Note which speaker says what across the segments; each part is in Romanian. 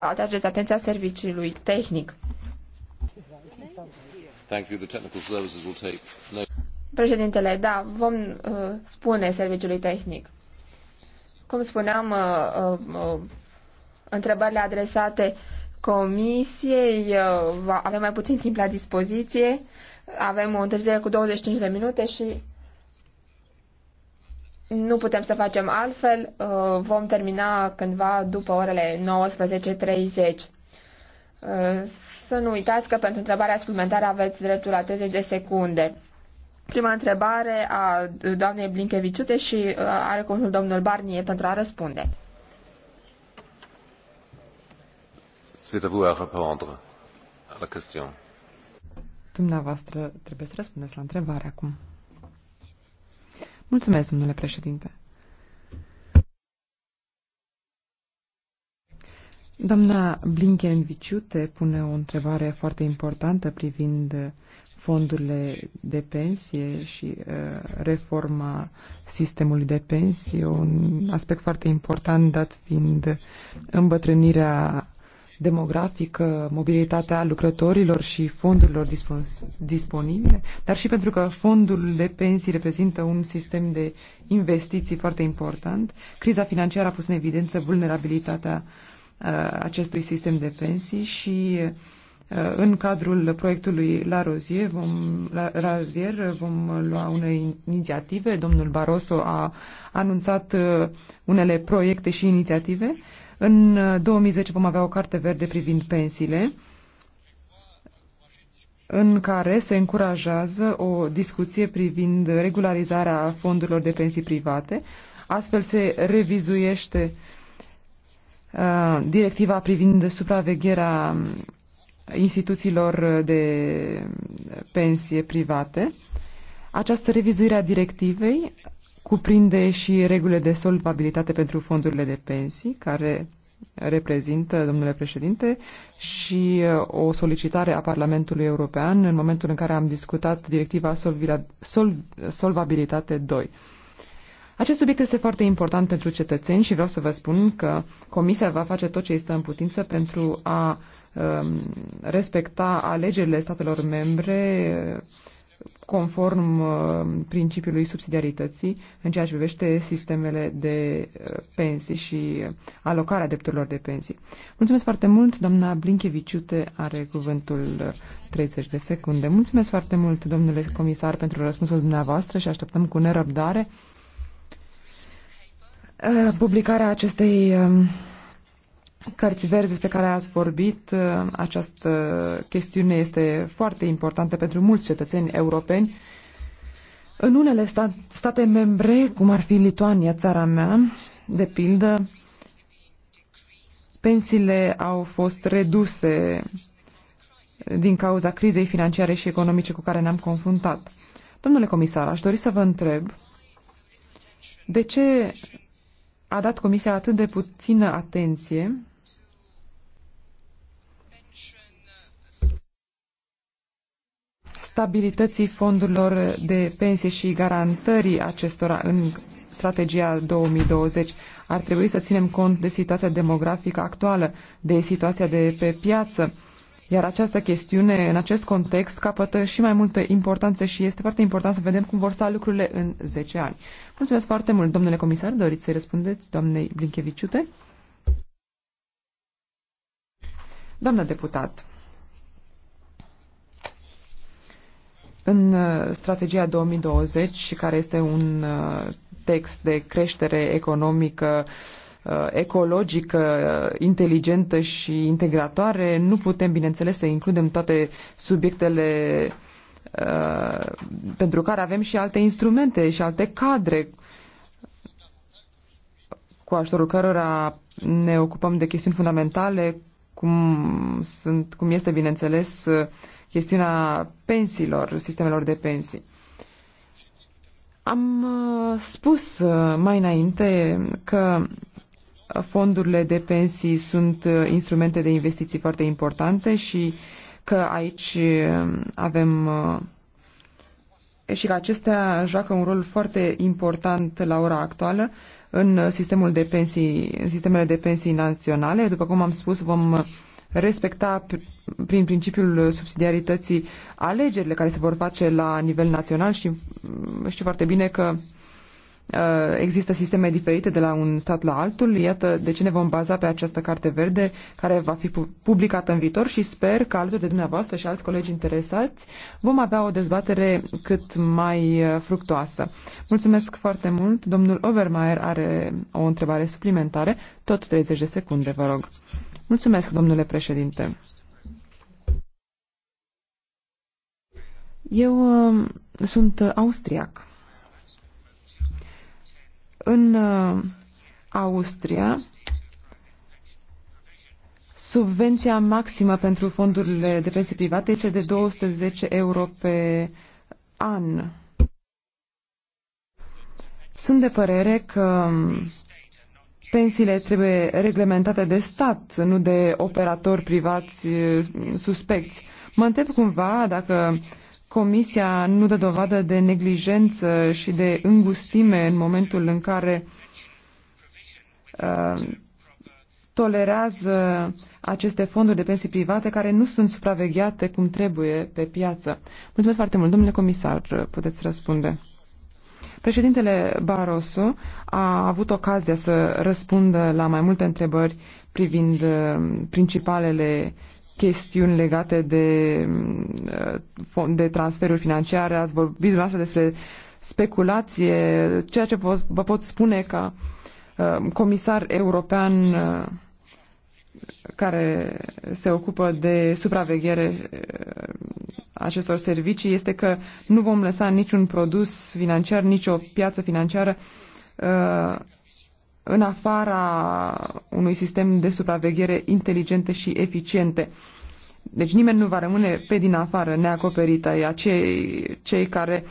Speaker 1: atrageți atenția serviciului tehnic.
Speaker 2: Thank you. The technical services will take no...
Speaker 1: Președintele, da, vom uh, spune serviciului tehnic. Cum spuneam, uh, uh, uh întrebările adresate comisiei, uh, avem mai puțin timp la dispoziție, avem o întârziere cu 25 de minute și nu putem să facem altfel, uh, vom termina cândva după orele 19.30. Uh, să nu uitați că pentru întrebarea suplimentară aveți dreptul la 30 de secunde. Prima întrebare a doamnei Blinkeviciute și uh, are cuvântul domnul Barnier pentru a răspunde.
Speaker 2: C'est à vous à répondre à la question.
Speaker 1: Dumneavoastră
Speaker 3: trebuie să răspundeți la întrebare acum. Mulțumesc, domnule președinte. Doamna Blinken Viciute pune o întrebare foarte importantă privind fondurile de pensie și uh, reforma sistemului de pensie, un aspect foarte important dat fiind îmbătrânirea demografică, mobilitatea lucrătorilor și fondurilor disponibile, dar și pentru că fondul de pensii reprezintă un sistem de investiții foarte important. Criza financiară a pus în evidență vulnerabilitatea uh, acestui sistem de pensii și uh, în cadrul proiectului La Rozier vom, La, Rozier vom lua unele inițiative. Domnul Barroso a anunțat uh, unele proiecte și inițiative în 2010 uh, vom avea o carte verde privind pensiile în care se încurajează o discuție privind regularizarea fondurilor de pensii private. Astfel se revizuiește uh, directiva privind supravegherea um, instituțiilor de pensie private. Această revizuire a directivei cuprinde și regulile de solvabilitate pentru fondurile de pensii, care reprezintă, domnule președinte, și uh, o solicitare a Parlamentului European în momentul în care am discutat directiva Solvila, Sol, Solvabilitate 2. Acest subiect este foarte important pentru cetățeni și vreau să vă spun că Comisia va face tot ce este în putință pentru a um, respecta alegerile statelor membre conform uh, principiului subsidiarității în ceea ce privește sistemele de uh, pensii și uh, alocarea drepturilor de pensii. Mulțumesc foarte mult, doamna Blincheviciute are cuvântul 30 de secunde. Mulțumesc foarte mult, domnule comisar, pentru răspunsul dumneavoastră și așteptăm cu nerăbdare publicarea acestei um, cărți verzi despre care ați vorbit, uh, această chestiune este foarte importantă pentru mulți cetățeni europeni. În unele state membre, cum ar fi Lituania, țara mea, de pildă, pensiile au fost reduse din cauza crizei financiare și economice cu care ne-am confruntat. Domnule comisar, aș dori să vă întreb de ce a dat Comisia atât de puțină atenție stabilității fondurilor de pensie și garantării acestora în strategia 2020. Ar trebui să ținem cont de situația demografică actuală, de situația de pe piață, iar această chestiune, în acest context, capătă și mai multă importanță și este foarte important să vedem cum vor sta lucrurile în 10 ani. Mulțumesc foarte mult, domnule comisar. Doriți să-i răspundeți doamnei Blincheviciute? Doamna deputat, în uh, strategia 2020, care este un uh, text de creștere economică uh, Uh, ecologică, inteligentă și integratoare, nu putem, bineînțeles, să includem toate subiectele uh, pentru care avem și alte instrumente și alte cadre cu ajutorul cărora ne ocupăm de chestiuni fundamentale, cum, sunt, cum este, bineînțeles, chestiunea pensiilor, sistemelor de pensii. Am uh, spus mai înainte că fondurile de pensii sunt uh, instrumente de investiții foarte importante și că aici uh, avem uh, și că acestea joacă un rol foarte important la ora actuală în sistemul de pensii, în sistemele de pensii naționale. După cum am spus, vom respecta prin principiul subsidiarității alegerile care se vor face la nivel național și mm, știu foarte bine că Uh, există sisteme diferite de la un stat la altul. Iată de ce ne vom baza pe această carte verde care va fi publicată în viitor și sper că alături de dumneavoastră și alți colegi interesați vom avea o dezbatere cât mai uh, fructoasă. Mulțumesc foarte mult. Domnul Overmaier are o întrebare suplimentare, tot 30 de secunde, vă rog. Mulțumesc, domnule președinte. Eu uh, sunt austriac. În uh, Austria, subvenția maximă pentru fondurile de pensii private este de 210 euro pe an. Sunt de părere că pensiile trebuie reglementate de stat, nu de operatori privați uh, suspecți. Mă întreb cumva dacă Comisia nu dă dovadă de neglijență și de îngustime în momentul în care uh, tolerează aceste fonduri de pensii private care nu sunt supravegheate cum trebuie pe piață. Mulțumesc foarte mult, domnule comisar, puteți răspunde. Președintele Barroso a avut ocazia să răspundă la mai multe întrebări privind uh, principalele uh, chestiuni legate de, mm, de transferuri financiare, ați vorbit dumneavoastră despre speculație, ceea ce vă pot spune ca uh, comisar european uh, care se ocupă de supraveghere uh, acestor servicii este că nu vom lăsa niciun produs financiar, nicio piață financiară în afara unui sistem de supraveghere inteligente și eficiente. Deci nimeni nu va rămâne pe din afară neacoperită, ea cei, cei care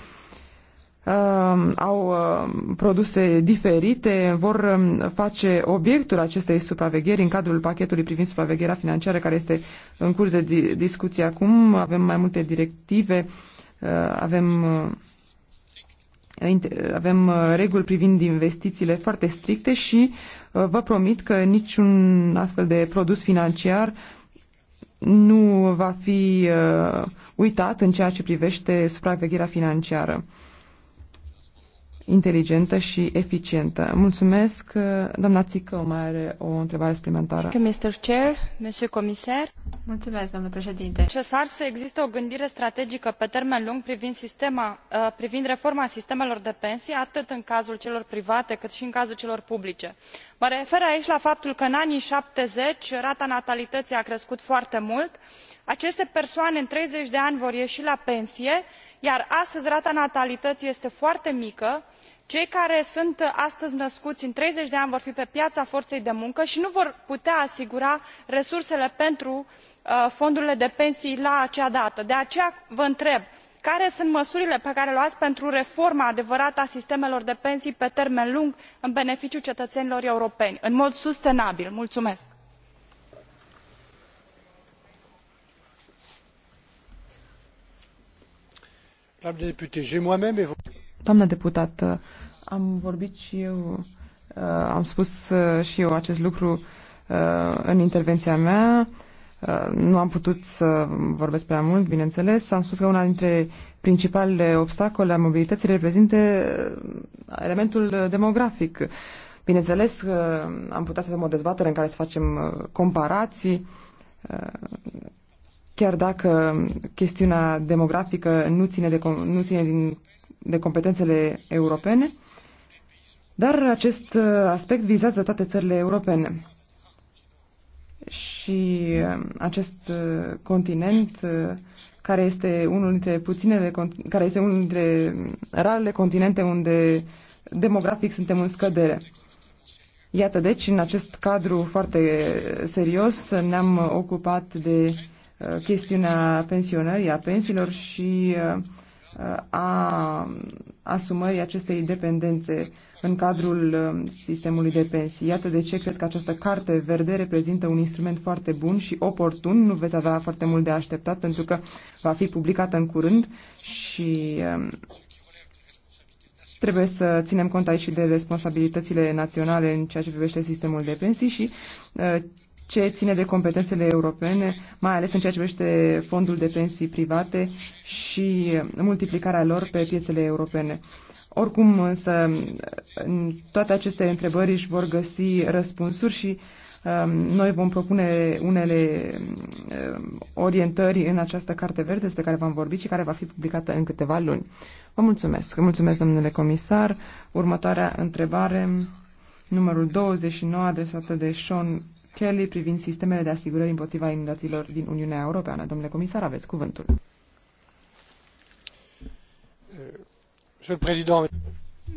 Speaker 3: uh, au uh, produse diferite vor um, face obiectul acestei supravegheri în cadrul pachetului privind supravegherea financiară care este în curs de di- discuție acum. Avem mai multe directive, uh, avem uh, Ă, avem ă, reguli privind investițiile foarte stricte și ă, vă promit că niciun astfel de produs financiar nu va fi uitat în ceea ce privește supravegherea financiară inteligentă și eficientă. Mulțumesc. Uh, doamna Țică mai are o întrebare suplimentară.
Speaker 4: Mr. Chair, Mr. Comisar. Mulțumesc, domnule președinte. Necesar să existe o gândire strategică pe termen lung privind, sistema, uh, privind reforma sistemelor de pensii, atât în cazul celor private, cât și în cazul celor publice. Mă refer aici la faptul că în anii 70 rata natalității a crescut foarte mult, aceste persoane în treizeci de ani vor iei la pensie iar astăzi rata natalităii este foarte mică cei care sunt astăzi născui în treizeci de ani vor fi pe piaa forei de muncă i nu vor putea asigura resursele pentru uh, fondurile de pensii la acea dată. de aceea vă întreb care sunt măsurile pe care le luai pentru reforma adevărată a sistemelor de pensii pe termen lung în beneficiul cetăenilor europeni în mod sustenabil? mulumesc.
Speaker 3: Doamnă deputat, am vorbit și eu, uh, am spus uh, și eu acest lucru uh, în intervenția mea. Nu am putut să vorbesc prea mult, bineînțeles. Am spus că una dintre principalele obstacole a mobilității reprezintă elementul demografic. Bineînțeles că am putea să avem o dezbatere în care să facem comparații chiar dacă chestiunea demografică nu ține de, nu ține din, de competențele europene, dar acest uh, aspect vizează toate țările europene. Și uh, acest uh, continent, care este unul dintre puținele, care este unul dintre rarele continente unde demografic suntem în scădere. Iată, deci, în acest cadru foarte serios ne-am ocupat de uh, Uh, chestiunea pensionării, a pensiilor și uh, a asumării acestei dependențe în cadrul uh, sistemului de pensii. Iată de ce cred că această carte verde reprezintă un instrument foarte bun și oportun. Nu veți avea foarte mult de așteptat pentru că va fi publicată în curând și um, trebuie să ținem cont aici și de responsabilitățile naționale în ceea ce privește sistemul de pensii și ce ține de competențele europene, mai ales în ceea ce privește fondul de pensii private și multiplicarea lor pe piețele europene. Oricum, însă, toate aceste întrebări își vor găsi răspunsuri și um, noi vom propune unele um, orientări în această carte verde despre care v-am vorbit și care va fi publicată în câteva luni. Vă mulțumesc. Mulțumesc, domnule comisar. Următoarea întrebare, numărul 29, adresată de Sean Kelly privind sistemele de asigurări împotriva inundațiilor din Uniunea Europeană. Domnule comisar, aveți cuvântul.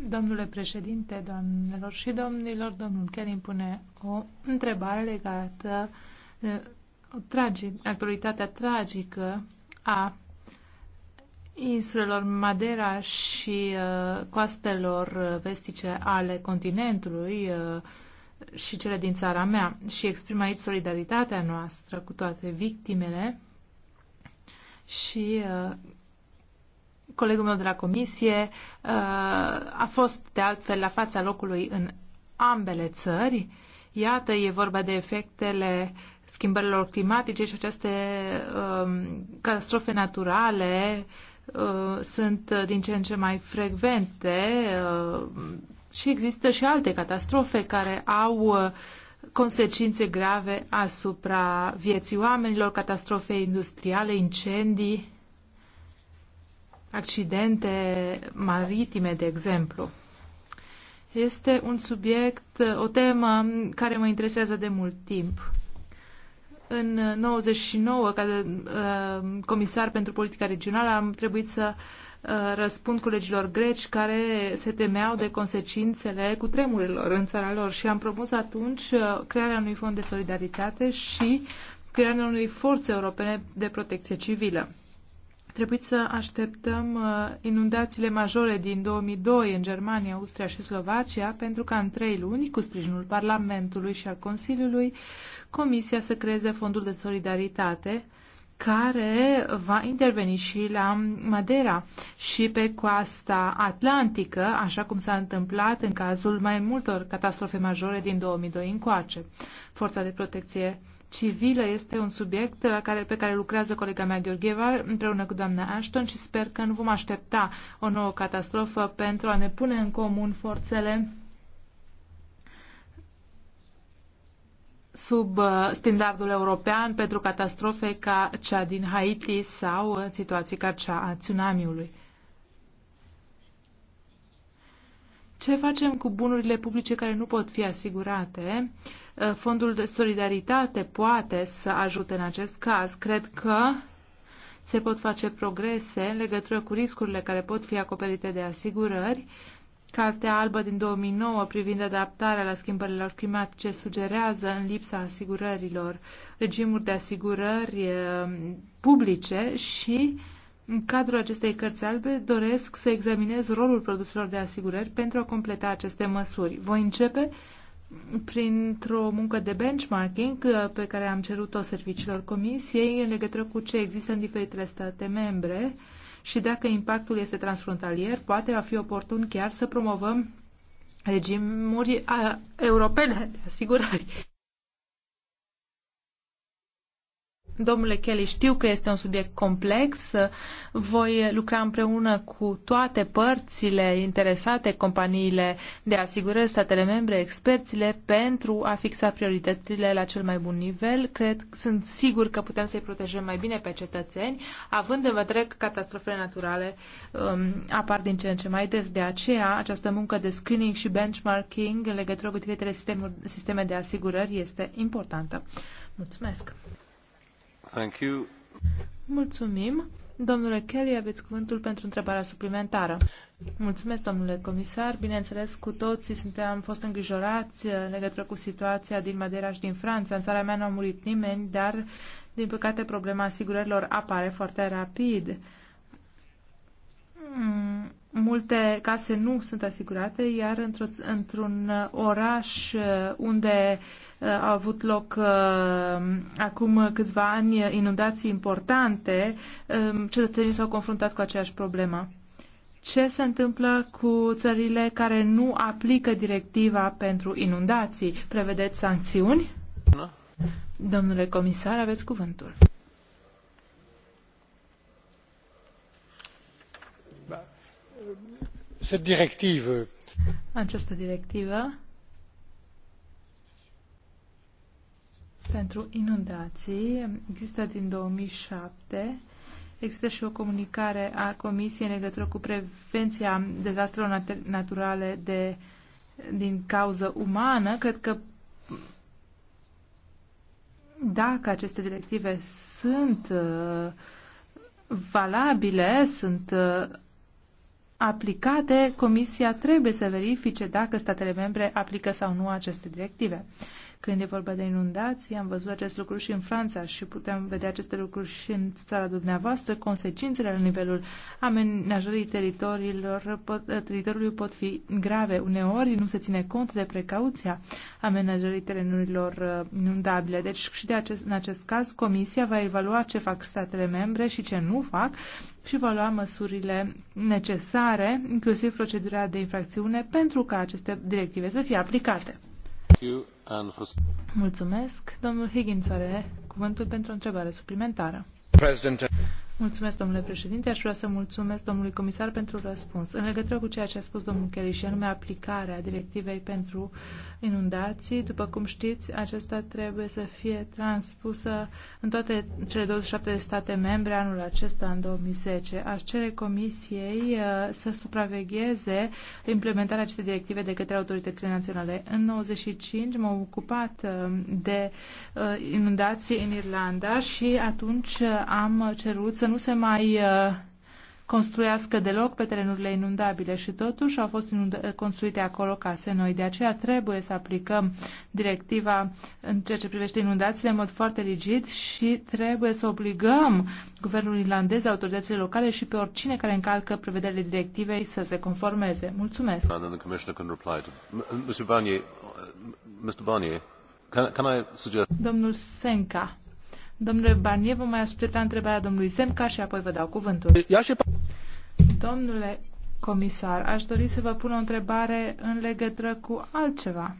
Speaker 5: Domnule președinte, doamnelor și domnilor, domnul Kelly pune o întrebare legată o eh, tragic, actualitatea tragică a insulelor Madeira și uh, coastelor vestice ale continentului, uh, și cele din țara mea și exprim aici solidaritatea noastră cu toate victimele și uh, colegul meu de la comisie uh, a fost de altfel la fața locului în ambele țări. Iată, e vorba de efectele schimbărilor climatice și aceste uh, catastrofe naturale uh, sunt din ce în ce mai frecvente. Uh, și există și alte catastrofe care au uh, consecințe grave asupra vieții oamenilor, catastrofe industriale, incendii, accidente maritime, de exemplu. Este un subiect, uh, o temă care mă interesează de mult timp. În 99, ca de, uh, comisar pentru politica regională, am trebuit să uh, Uh, răspund colegilor greci care se temeau de consecințele cu tremurilor în țara lor și am propus atunci uh, crearea unui fond de solidaritate și crearea unei forțe europene de protecție civilă. Trebuie să așteptăm uh, inundațiile majore din 2002 în Germania, Austria și Slovacia pentru ca în trei luni, cu sprijinul Parlamentului și al Consiliului, Comisia să creeze fondul de solidaritate care va interveni și la Madeira și pe coasta atlantică, așa cum s-a întâmplat în cazul mai multor catastrofe majore din 2002 încoace. Forța de protecție civilă este un subiect la care, pe care lucrează colega mea Gheorgheva împreună cu doamna Ashton și sper că nu vom aștepta o nouă catastrofă pentru a ne pune în comun forțele sub uh, standardul european pentru catastrofe ca cea din Haiti sau în uh, situații ca cea a tsunamiului. Ce facem cu bunurile publice care nu pot fi asigurate? Uh, Fondul de solidaritate poate să ajute în acest caz. Cred că se pot face progrese în legătură cu riscurile care pot fi acoperite de asigurări Cartea albă din 2009 privind adaptarea la schimbărilor climatice sugerează în lipsa asigurărilor regimuri de asigurări um, publice și în cadrul acestei cărți albe doresc să examinez rolul produselor de asigurări pentru a completa aceste măsuri. Voi începe printr-o muncă de benchmarking uh, pe care am cerut-o serviciilor comisiei în legătură cu ce există în diferitele state membre și dacă impactul este transfrontalier, poate va fi oportun chiar să promovăm regimuri europene de asigurări. Domnule Kelly, știu că este un subiect complex. Voi lucra împreună cu toate părțile interesate, companiile de asigurări, statele membre, experțile, pentru a fixa prioritățile la cel mai bun nivel. Cred, sunt sigur că putem să-i protejăm mai bine pe cetățeni, având în vedere că catastrofele naturale um, apar din ce în ce mai des. De aceea, această muncă de screening și benchmarking în legătură cu diferitele sisteme de asigurări este importantă. Mulțumesc! Thank you. Mulțumim. Domnule Kelly, aveți cuvântul pentru întrebarea suplimentară. Mulțumesc, domnule comisar. Bineînțeles, cu toții suntem, am fost îngrijorați în legătură cu situația din Madeira și din Franța. În țara mea nu a murit nimeni, dar, din păcate, problema asigurărilor apare foarte rapid. Mm, multe case nu sunt asigurate, iar într-un oraș unde uh, Uh, au avut loc uh, acum câțiva ani inundații importante, um, cetățenii s-au confruntat cu aceeași problemă. Ce se întâmplă cu țările care nu aplică directiva pentru inundații? Prevedeți sancțiuni? No. Da. Domnule comisar, aveți cuvântul.
Speaker 4: Uh,
Speaker 5: Această directivă pentru inundații. Există din 2007. Există și o comunicare a Comisiei în legătură cu prevenția dezastrelor naturale de, din cauză umană. Cred că dacă aceste directive sunt uh, valabile, sunt uh, aplicate, Comisia trebuie să verifice dacă statele membre aplică sau nu aceste directive. Când e vorba de inundații, am văzut acest lucru și în Franța și putem vedea aceste lucruri și în țara dumneavoastră. Consecințele la nivelul amenajării teritoriilor, pot, teritoriului pot fi grave. Uneori nu se ține cont de precauția amenajării terenurilor uh, inundabile. Deci și de acest, în acest caz Comisia va evalua ce fac statele membre și ce nu fac și va lua măsurile necesare, inclusiv procedura de infracțiune, pentru ca aceste directive să fie aplicate. Thank you. Mulțumesc. Domnul Higgins are cuvântul pentru o întrebare suplimentară. President... Mulțumesc, domnule președinte. Aș vrea să mulțumesc domnului comisar pentru răspuns. În legătură cu ceea ce a spus domnul Kelly și anume aplicarea directivei pentru inundații. După cum știți, acesta trebuie să fie transpusă în toate cele 27 de state membre anul acesta, în 2010. Aș cere Comisiei uh, să supravegheze implementarea acestei directive de către autoritățile naționale. În 95 m-am ocupat uh, de uh, inundații în Irlanda și atunci am cerut să nu se mai construiască deloc pe terenurile inundabile și totuși au fost construite acolo case noi. De aceea trebuie să aplicăm directiva în ceea ce privește inundațiile în mod foarte rigid și trebuie să obligăm guvernul irlandez, autoritățile locale și pe oricine care încalcă prevederile directivei să se conformeze. Mulțumesc. Domnul Senca. Domnule Barnier, vă mai asculta întrebarea domnului Zemca și apoi vă dau cuvântul. Domnule comisar, aș dori să vă pun o întrebare în legătură cu altceva.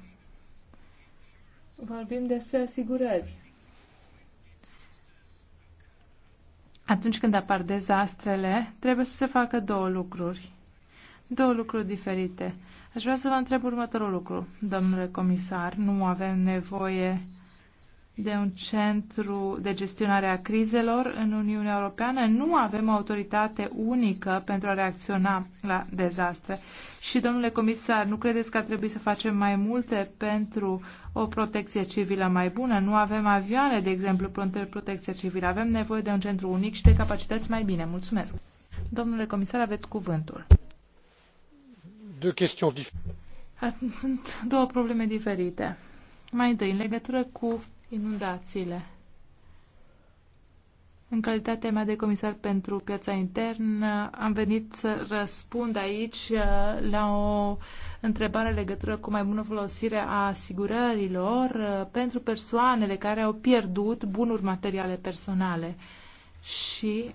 Speaker 5: Vorbim despre asigurări. Atunci când apar dezastrele, trebuie să se facă două lucruri. Două lucruri diferite. Aș vrea să vă întreb următorul lucru, domnule comisar. Nu avem nevoie de un centru de gestionare a crizelor în Uniunea Europeană, nu avem o autoritate unică pentru a reacționa la dezastre. Și, domnule comisar, nu credeți că ar trebui să facem mai multe pentru o protecție civilă mai bună? Nu avem avioane, de exemplu, pentru protecție civilă. Avem nevoie de un centru unic și de capacități mai bine. Mulțumesc. Domnule comisar, aveți cuvântul. De Sunt două probleme diferite. Mai întâi, în legătură cu inundațiile. În calitatea mea de comisar pentru piața internă, am venit să răspund aici uh, la o întrebare legătură cu mai bună folosire a asigurărilor uh, pentru persoanele care au pierdut bunuri materiale personale. Și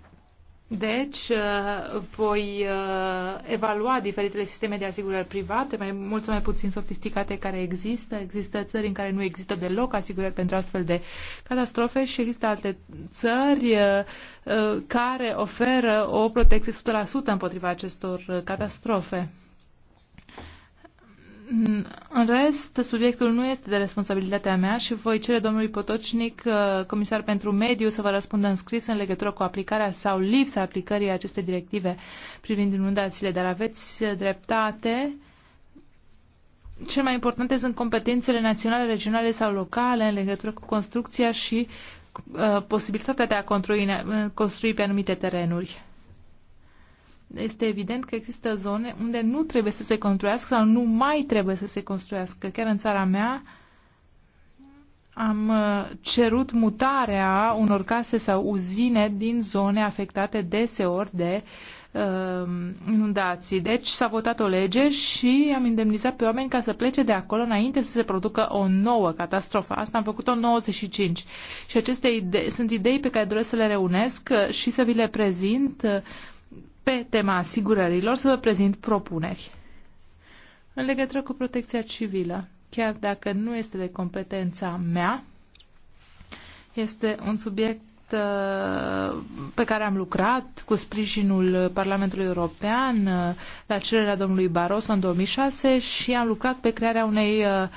Speaker 5: deci, uh, voi uh, evalua diferitele sisteme de asigurări private, mai mult sau mai puțin sofisticate care există. Există țări în care nu există deloc asigurări pentru astfel de catastrofe și există alte țări uh, care oferă o protecție 100% împotriva acestor catastrofe. În rest, subiectul nu este de responsabilitatea mea și voi cere domnului Potocnic, uh, comisar pentru mediu, să vă răspundă în scris în legătură cu aplicarea sau lipsa aplicării acestei directive privind inundațiile, dar aveți dreptate. Cel mai importante sunt competențele naționale, regionale sau locale în legătură cu construcția și uh, posibilitatea de a construi, uh, construi pe anumite terenuri este evident că există zone unde nu trebuie să se construiască sau nu mai trebuie să se construiască. Chiar în țara mea am uh, cerut mutarea unor case sau uzine din zone afectate deseori de uh, inundații. Deci s-a votat o lege și am indemnizat pe oameni ca să plece de acolo înainte să se producă o nouă catastrofă. Asta am făcut-o în 95. Și aceste idei sunt idei pe care doresc să le reunesc uh, și să vi le prezint uh, pe tema asigurărilor să vă prezint propuneri. În legătură cu protecția civilă, chiar dacă nu este de competența mea, este un subiect uh, pe care am lucrat cu sprijinul Parlamentului European uh, la cererea domnului Barroso în 2006 și am lucrat pe crearea unei uh,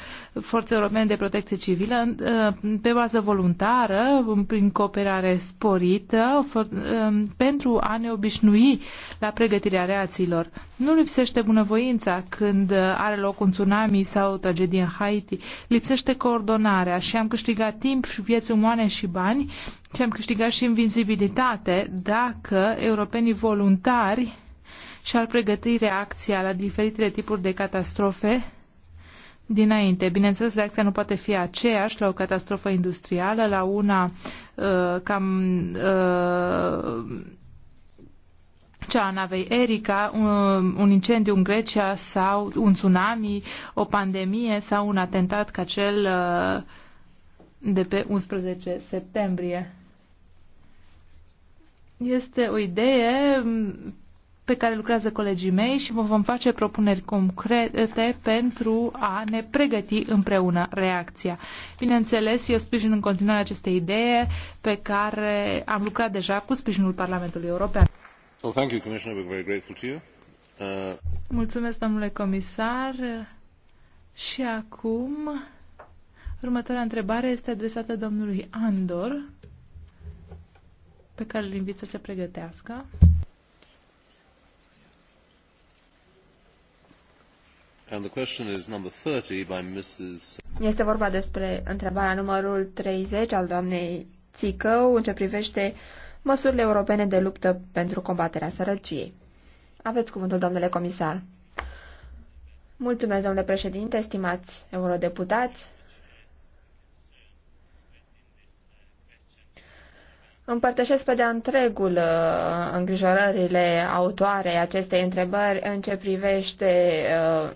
Speaker 5: forțe europene de protecție civilă uh, pe bază voluntară, prin cooperare sporită, uh, pentru a ne obișnui la pregătirea reațiilor. Nu lipsește bunăvoința când are loc un tsunami sau o tragedie în Haiti. Lipsește coordonarea și am câștigat timp și vieți umane și bani și am câștigat și invizibilitate dacă europenii voluntari și-ar pregăti reacția la diferitele tipuri de catastrofe dinainte. Bineînțeles, reacția nu poate fi aceeași la o catastrofă industrială, la una uh, cam uh, cea a navei Erika, un, un incendiu în Grecia sau un tsunami, o pandemie sau un atentat ca cel uh, de pe 11 septembrie. Este o idee pe care lucrează colegii mei și vă vom face propuneri concrete pentru a ne pregăti împreună reacția. Bineînțeles, eu sprijin în continuare aceste idee pe care am lucrat deja cu sprijinul Parlamentului European.
Speaker 2: Well, thank you, Commissioner. We're very grateful
Speaker 5: to you. Uh... Mulțumesc, domnule comisar. Și acum, următoarea întrebare este adresată domnului Andor, pe care îl invit să se pregătească.
Speaker 1: Este vorba despre întrebarea numărul 30 al doamnei Țicău în ce privește măsurile europene de luptă pentru combaterea sărăciei. Aveți cuvântul, domnule comisar. Mulțumesc, domnule președinte, estimați eurodeputați. Împărtășesc pe de-a întregul uh, îngrijorările autoarei acestei întrebări în ce privește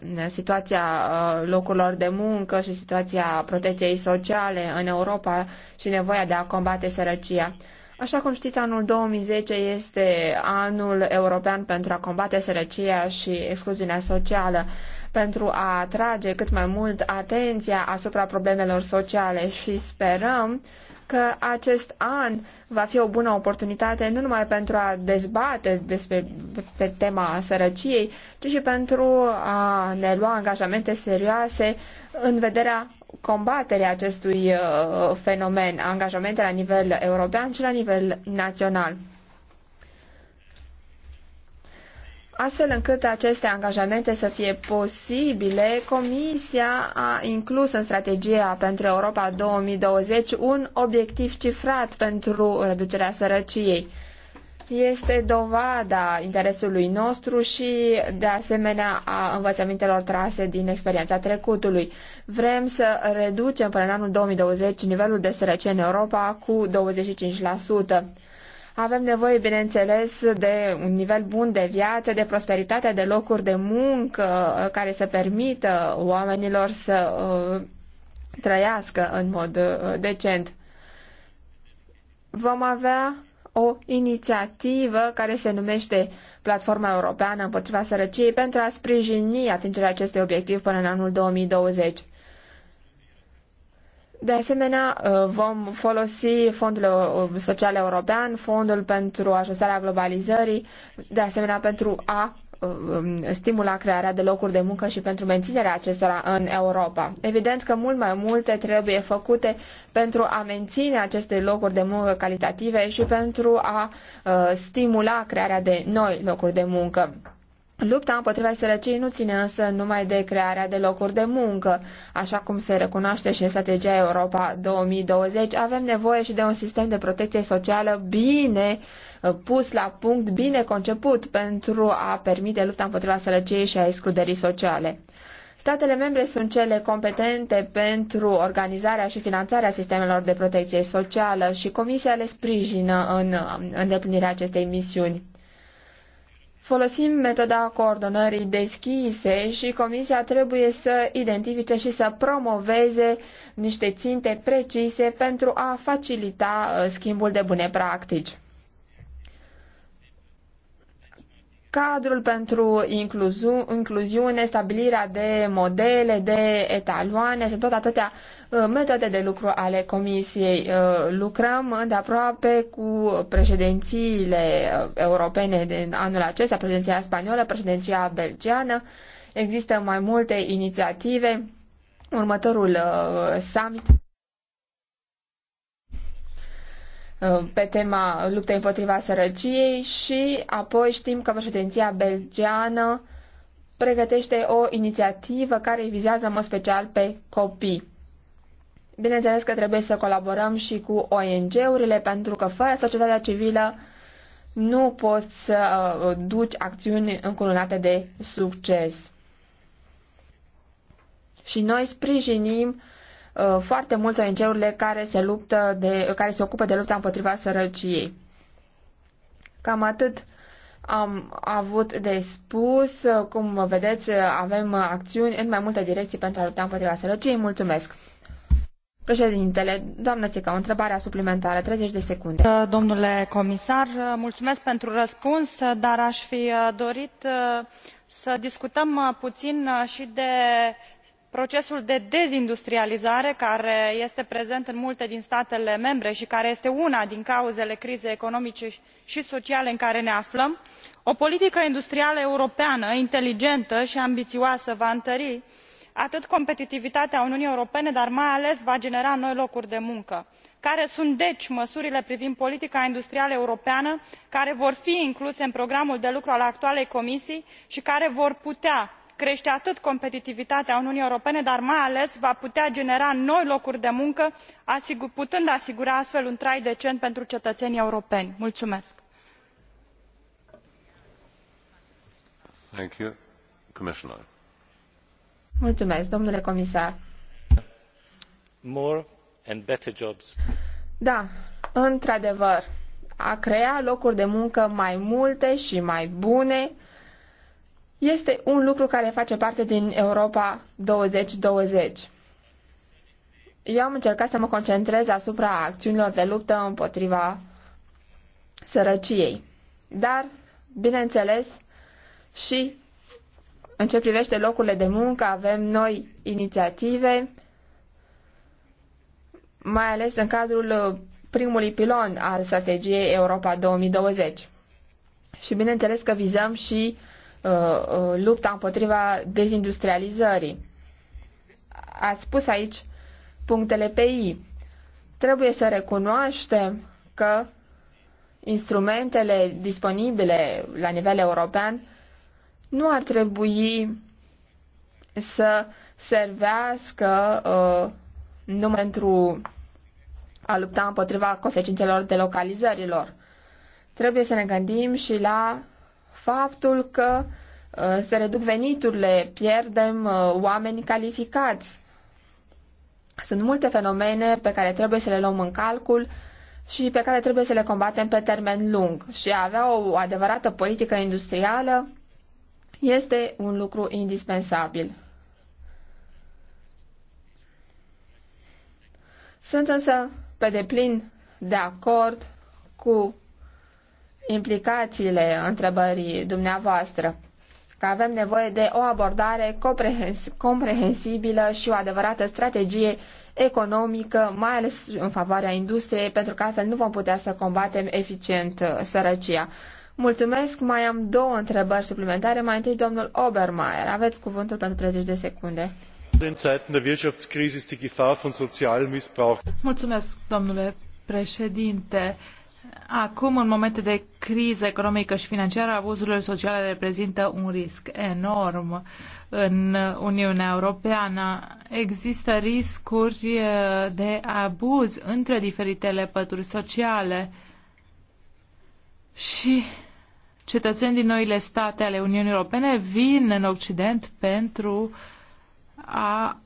Speaker 1: uh, situația uh, locurilor de muncă și situația protecției sociale în Europa și nevoia de a combate sărăcia. Așa cum știți, anul 2010 este anul european pentru a combate sărăcia și excluziunea socială, pentru a atrage cât mai mult atenția asupra problemelor sociale și sperăm uh, că acest an va fi o bună oportunitate nu numai pentru a dezbate despre pe tema sărăciei, ci și pentru a ne lua angajamente serioase în vederea combaterii acestui uh, fenomen, angajamente la nivel european și la nivel național. Astfel încât aceste angajamente să fie posibile, Comisia a inclus în strategia pentru Europa 2020 un obiectiv cifrat pentru reducerea sărăciei. Este dovada interesului nostru și, de asemenea, a învățămintelor trase din experiența trecutului. Vrem să reducem până în anul 2020 nivelul de sărăcie în Europa cu 25%. Avem nevoie, bineînțeles, de un nivel bun de viață, de prosperitate, de locuri de muncă uh, care să permită oamenilor să uh, trăiască în mod uh, decent. Vom avea o inițiativă care se numește Platforma Europeană împotriva sărăciei pentru a sprijini atingerea acestui obiectiv până în anul 2020. De asemenea, uh, vom folosi Fondul uh, Social European, Fondul pentru ajustarea globalizării, de asemenea pentru a um, stimula crearea de locuri de muncă și pentru menținerea acestora în Europa. Evident că mult mai multe trebuie făcute pentru a menține aceste locuri de muncă calitative și pentru a uh, stimula crearea de noi locuri de muncă. Lupta împotriva sărăciei nu ține însă numai de crearea de locuri de muncă. Așa cum se recunoaște și în strategia Europa 2020, avem nevoie și de un sistem de protecție socială bine uh, pus la punct, bine conceput pentru a permite lupta împotriva sărăciei și a excluderii sociale. Statele membre sunt cele competente pentru organizarea și finanțarea sistemelor de protecție socială și Comisia le sprijină în uh, îndeplinirea acestei misiuni. Folosim metoda coordonării deschise și Comisia trebuie să identifice și să promoveze niște ținte precise pentru a facilita uh, schimbul de bune practici. cadrul pentru incluzu, incluziune, stabilirea de modele, de etaloane, sunt tot atâtea uh, metode de lucru ale comisiei. Uh, lucrăm îndeaproape cu președințiile uh, europene din anul acesta, președinția spaniolă, președinția belgeană. Există mai multe inițiative. Următorul summit Uh, pe tema luptei împotriva sărăciei și apoi știm că președinția belgeană pregătește o inițiativă care vizează în mod special pe copii. Bineînțeles că trebuie să colaborăm și cu ONG-urile pentru că fără societatea civilă nu poți să uh, duci acțiuni încununate de succes. Și noi sprijinim Uh, foarte mult ONG-urile care se, luptă de, care se ocupă de lupta împotriva sărăciei. Cam atât am avut de spus. Cum vedeți, avem acțiuni în mai multe direcții pentru a lupta împotriva sărăciei. Mulțumesc! Președintele, doamnă Țica, o întrebare suplimentară, 30 de secunde. Uh, domnule comisar, uh, mulțumesc pentru răspuns, dar aș fi dorit
Speaker 4: să discutăm puțin și de procesul de dezindustrializare care este prezent în multe din statele membre i care este una din cauzele crizei economice i sociale în care ne aflăm o politică industrială europeană inteligentă i ambiioasă va întări atât competitivitatea uniunii europene dar mai ales va genera noi locuri de muncă. care sunt deci măsurile privind politica industrială europeană care vor fi incluse în programul de lucru al actualei comisii i care vor putea crete atât competitivitatea uniunii europene dar mai ales va putea genera noi locuri de muncă putând asigura astfel un trai decent pentru cetăenii europeni. Mulțumesc,
Speaker 1: domnule comisar. da într adevăr a crea locuri de muncă mai multe i mai bune este un lucru care face parte din Europa 2020. Eu am încercat să mă concentrez asupra acțiunilor de luptă împotriva sărăciei. Dar, bineînțeles, și în ce privește locurile de muncă, avem noi inițiative, mai ales în cadrul uh, primului pilon al strategiei Europa 2020. Și bineînțeles că vizăm și uh, Uh, uh, lupta împotriva dezindustrializării. Ați spus aici punctele pe I. Trebuie să recunoaștem că instrumentele disponibile la nivel european nu ar trebui să servească uh, numai pentru a lupta împotriva consecințelor delocalizărilor. Trebuie să ne gândim și la faptul că uh, se reduc veniturile, pierdem uh, oameni calificați. Sunt multe fenomene pe care trebuie să le luăm în calcul și pe care trebuie să le combatem pe termen lung. Și a avea o adevărată politică industrială este un lucru indispensabil. Sunt însă pe deplin de acord cu implicațiile întrebării dumneavoastră, că avem nevoie de o abordare comprehensibilă și o adevărată strategie economică, mai ales în favoarea industriei, pentru că altfel nu vom putea să combatem eficient uh, sărăcia. Mulțumesc, mai am două întrebări suplimentare. Mai întâi, domnul Obermeier, aveți cuvântul pentru 30 de secunde.
Speaker 3: In de
Speaker 2: Wirtschaftskrise
Speaker 5: ist Gefahr von Sozialmissbrauch.
Speaker 1: Mulțumesc, domnule președinte.
Speaker 5: Acum, în momente de criză economică și financiară, abuzurile sociale reprezintă un risc enorm în Uniunea Europeană. Există riscuri eh, de abuz între diferitele pături sociale și cetățeni din noile state ale Uniunii Europene vin în Occident pentru a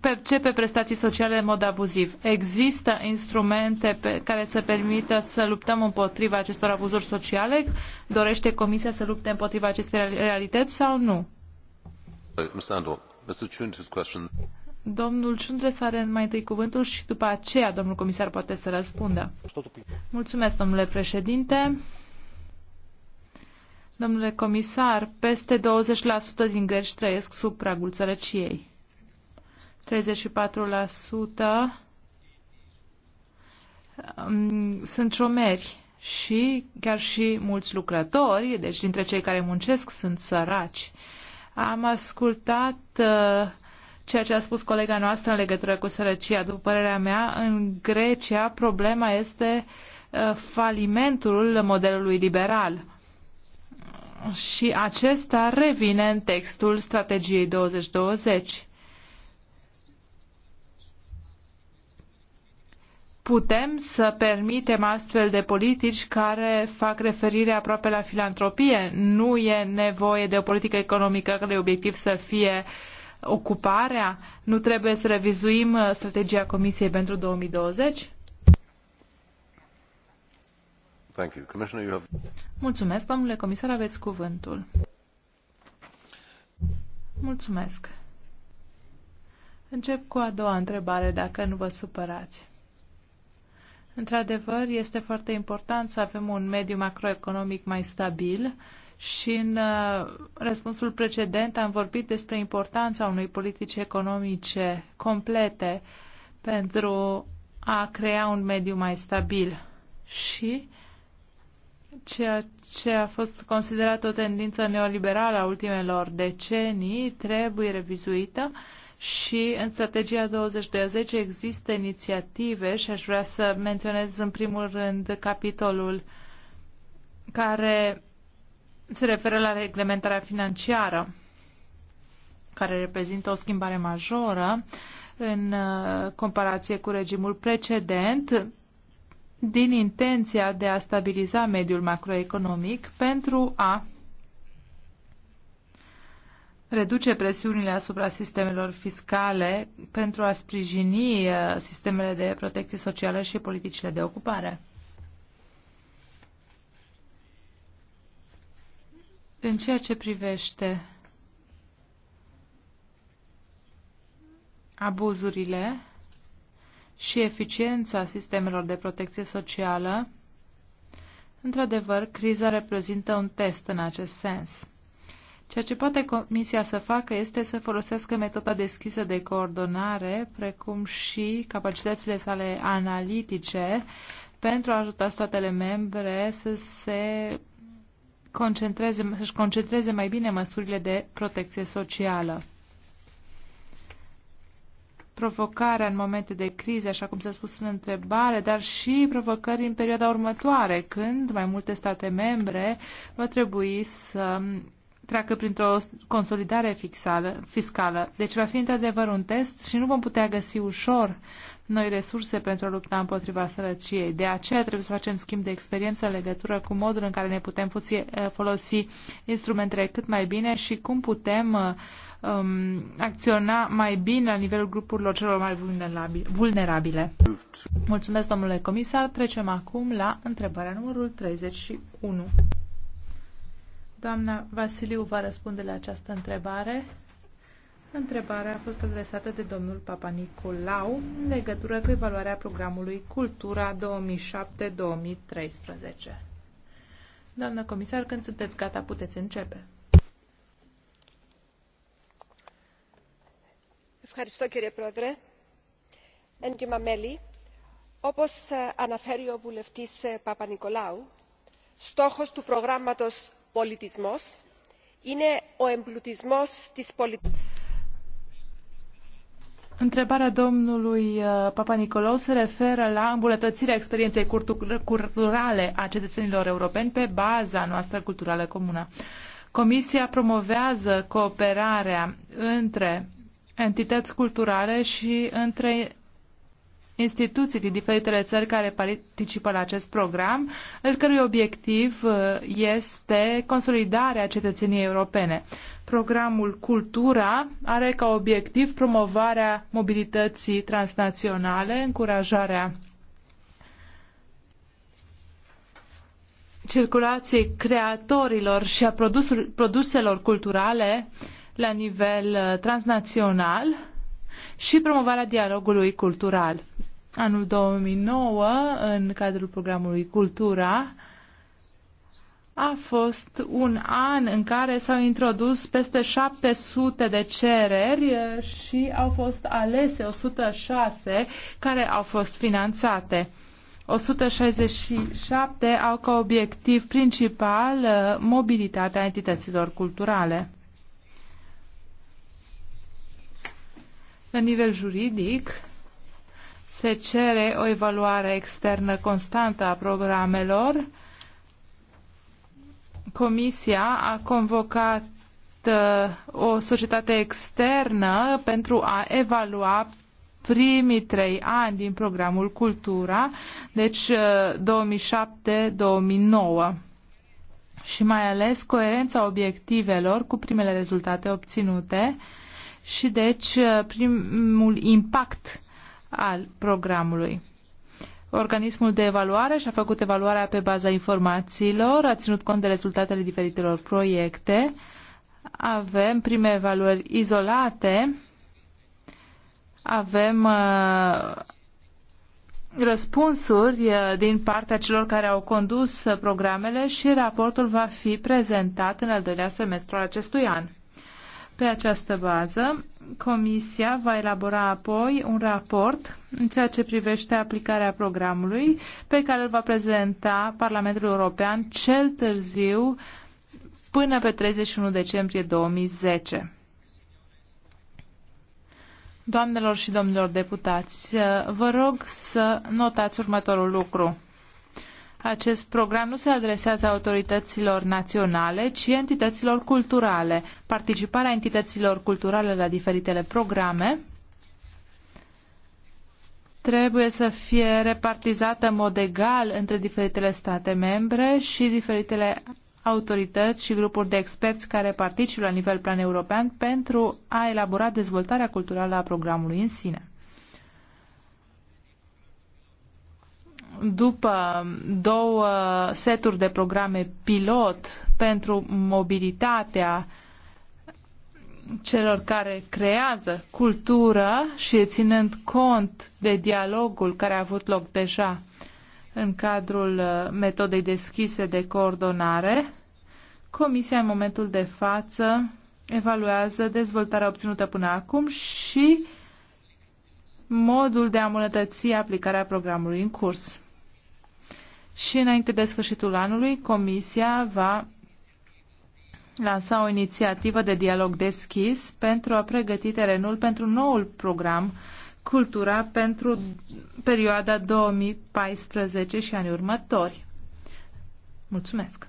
Speaker 5: percepe prestații sociale în mod abuziv. Există instrumente pe care să permită să luptăm împotriva acestor abuzuri sociale? Dorește Comisia să lupte împotriva acestei realități sau nu? Domnul Ciuntres are mai întâi cuvântul și după aceea domnul comisar poate să răspundă. Mulțumesc, domnule președinte. Domnule comisar, peste 20% din greci trăiesc sub pragul sărăciei. 34% um, sunt șomeri și chiar și mulți lucrători, deci dintre cei care muncesc sunt săraci. Am ascultat uh, ceea ce a spus colega noastră în legătură cu sărăcia. După părerea mea, în Grecia problema este uh, falimentul modelului liberal. Și acesta revine în textul strategiei 2020. putem să permitem astfel de politici care fac referire aproape la filantropie. Nu e nevoie de o politică economică care obiectiv să fie ocuparea? Nu trebuie să revizuim uh, strategia Comisiei pentru 2020?
Speaker 2: Thank you. Commissioner, you have...
Speaker 5: Mulțumesc, domnule comisar, aveți cuvântul. Mulțumesc. Încep cu a doua întrebare, dacă nu vă supărați. Într-adevăr, este foarte important să avem un mediu macroeconomic mai stabil și în uh, răspunsul precedent am vorbit despre importanța unei politici economice complete pentru a crea un mediu mai stabil și ceea ce a fost considerat o tendință neoliberală a ultimelor decenii trebuie revizuită și în strategia 2020 există inițiative și aș vrea să menționez în primul rând capitolul care se referă la reglementarea financiară, care reprezintă o schimbare majoră în uh, comparație cu regimul precedent din intenția de a stabiliza mediul macroeconomic pentru a reduce presiunile asupra sistemelor fiscale pentru a sprijini uh, sistemele de protecție socială și politicile de ocupare. În ceea ce privește abuzurile și eficiența sistemelor de protecție socială, într-adevăr, criza reprezintă un test în acest sens. Ceea ce poate Comisia să facă este să folosească metoda deschisă de coordonare, precum și capacitățile sale analitice, pentru a ajuta statele membre să se concentreze, să-și concentreze mai bine măsurile de protecție socială. Provocarea în momente de criză, așa cum s-a spus în întrebare, dar și provocări în perioada următoare, când mai multe state membre va trebui să treacă printr-o consolidare fixală, fiscală. Deci va fi într-adevăr un test și nu vom putea găsi ușor noi resurse pentru a lupta împotriva sărăciei. De aceea trebuie să facem schimb de experiență în legătură cu modul în care ne putem eh, folosi instrumentele cât mai bine și cum putem eh, um, acționa mai bine la nivelul grupurilor celor mai vulnerabile. Mulțumesc, domnule comisar. Trecem acum la întrebarea numărul 31. Doamna Vasiliu va răspunde la această întrebare. Întrebarea a fost adresată de domnul Papa Nicolau în legătură cu evaluarea programului Cultura 2007-2013. Doamna comisar, când sunteți gata, puteți
Speaker 1: începe. Ευχαριστώ κύριε Πρόεδρε. Έντιμα μέλη, όπως αναφέρει ο βουλευτής Παπα-Νικολάου, στόχος του προγράμματος πολιτισμός είναι ο εμπλουτισμός της πολιτισμού.
Speaker 5: Întrebarea domnului uh, Papa Nicolau se referă la îmbunătățirea experienței culturale a cetățenilor europeni pe baza noastră culturală comună. Comisia promovează cooperarea între entități culturale și între instituții din diferitele țări care participă la acest program, al cărui obiectiv uh, este consolidarea cetățeniei europene. Programul Cultura are ca obiectiv promovarea mobilității transnaționale, încurajarea circulației creatorilor și a produselor culturale la nivel uh, transnațional și promovarea dialogului cultural anul 2009, în cadrul programului Cultura, a fost un an în care s-au introdus peste 700 de cereri eh, și au fost alese 106 care au fost finanțate. 167 au ca obiectiv principal eh, mobilitatea entităților culturale. La nivel juridic, se cere o evaluare externă constantă a programelor. Comisia a convocat uh, o societate externă pentru a evalua primii trei ani din programul Cultura, deci 2007-2009 uh, și mai ales coerența obiectivelor cu primele rezultate obținute și deci uh, primul impact al programului. Organismul de evaluare și-a făcut evaluarea pe baza informațiilor, a ținut cont de rezultatele diferitelor proiecte. Avem prime evaluări izolate, avem uh, răspunsuri uh, din partea celor care au condus uh, programele și raportul va fi prezentat în al doilea semestru al acestui an. Pe această bază, Comisia va elabora apoi un raport în ceea ce privește aplicarea programului pe care îl va prezenta Parlamentul European cel târziu până pe 31 decembrie 2010. Doamnelor și domnilor deputați, vă rog să notați următorul lucru. Acest program nu se adresează autorităților naționale, ci entităților culturale. Participarea entităților culturale la diferitele programe trebuie să fie repartizată în mod egal între diferitele state membre și diferitele autorități și grupuri de experți care participă la nivel plan european pentru a elabora dezvoltarea culturală a programului în sine. după două seturi de programe pilot pentru mobilitatea celor care creează cultură și ținând cont de dialogul care a avut loc deja în cadrul uh, metodei deschise de coordonare, Comisia în momentul de față evaluează dezvoltarea obținută până acum și modul de a îmbunătăți aplicarea programului în curs și înainte de sfârșitul anului Comisia va lansa o inițiativă de dialog deschis pentru a pregăti terenul pentru noul program Cultura pentru perioada 2014 și anii următori. Mulțumesc!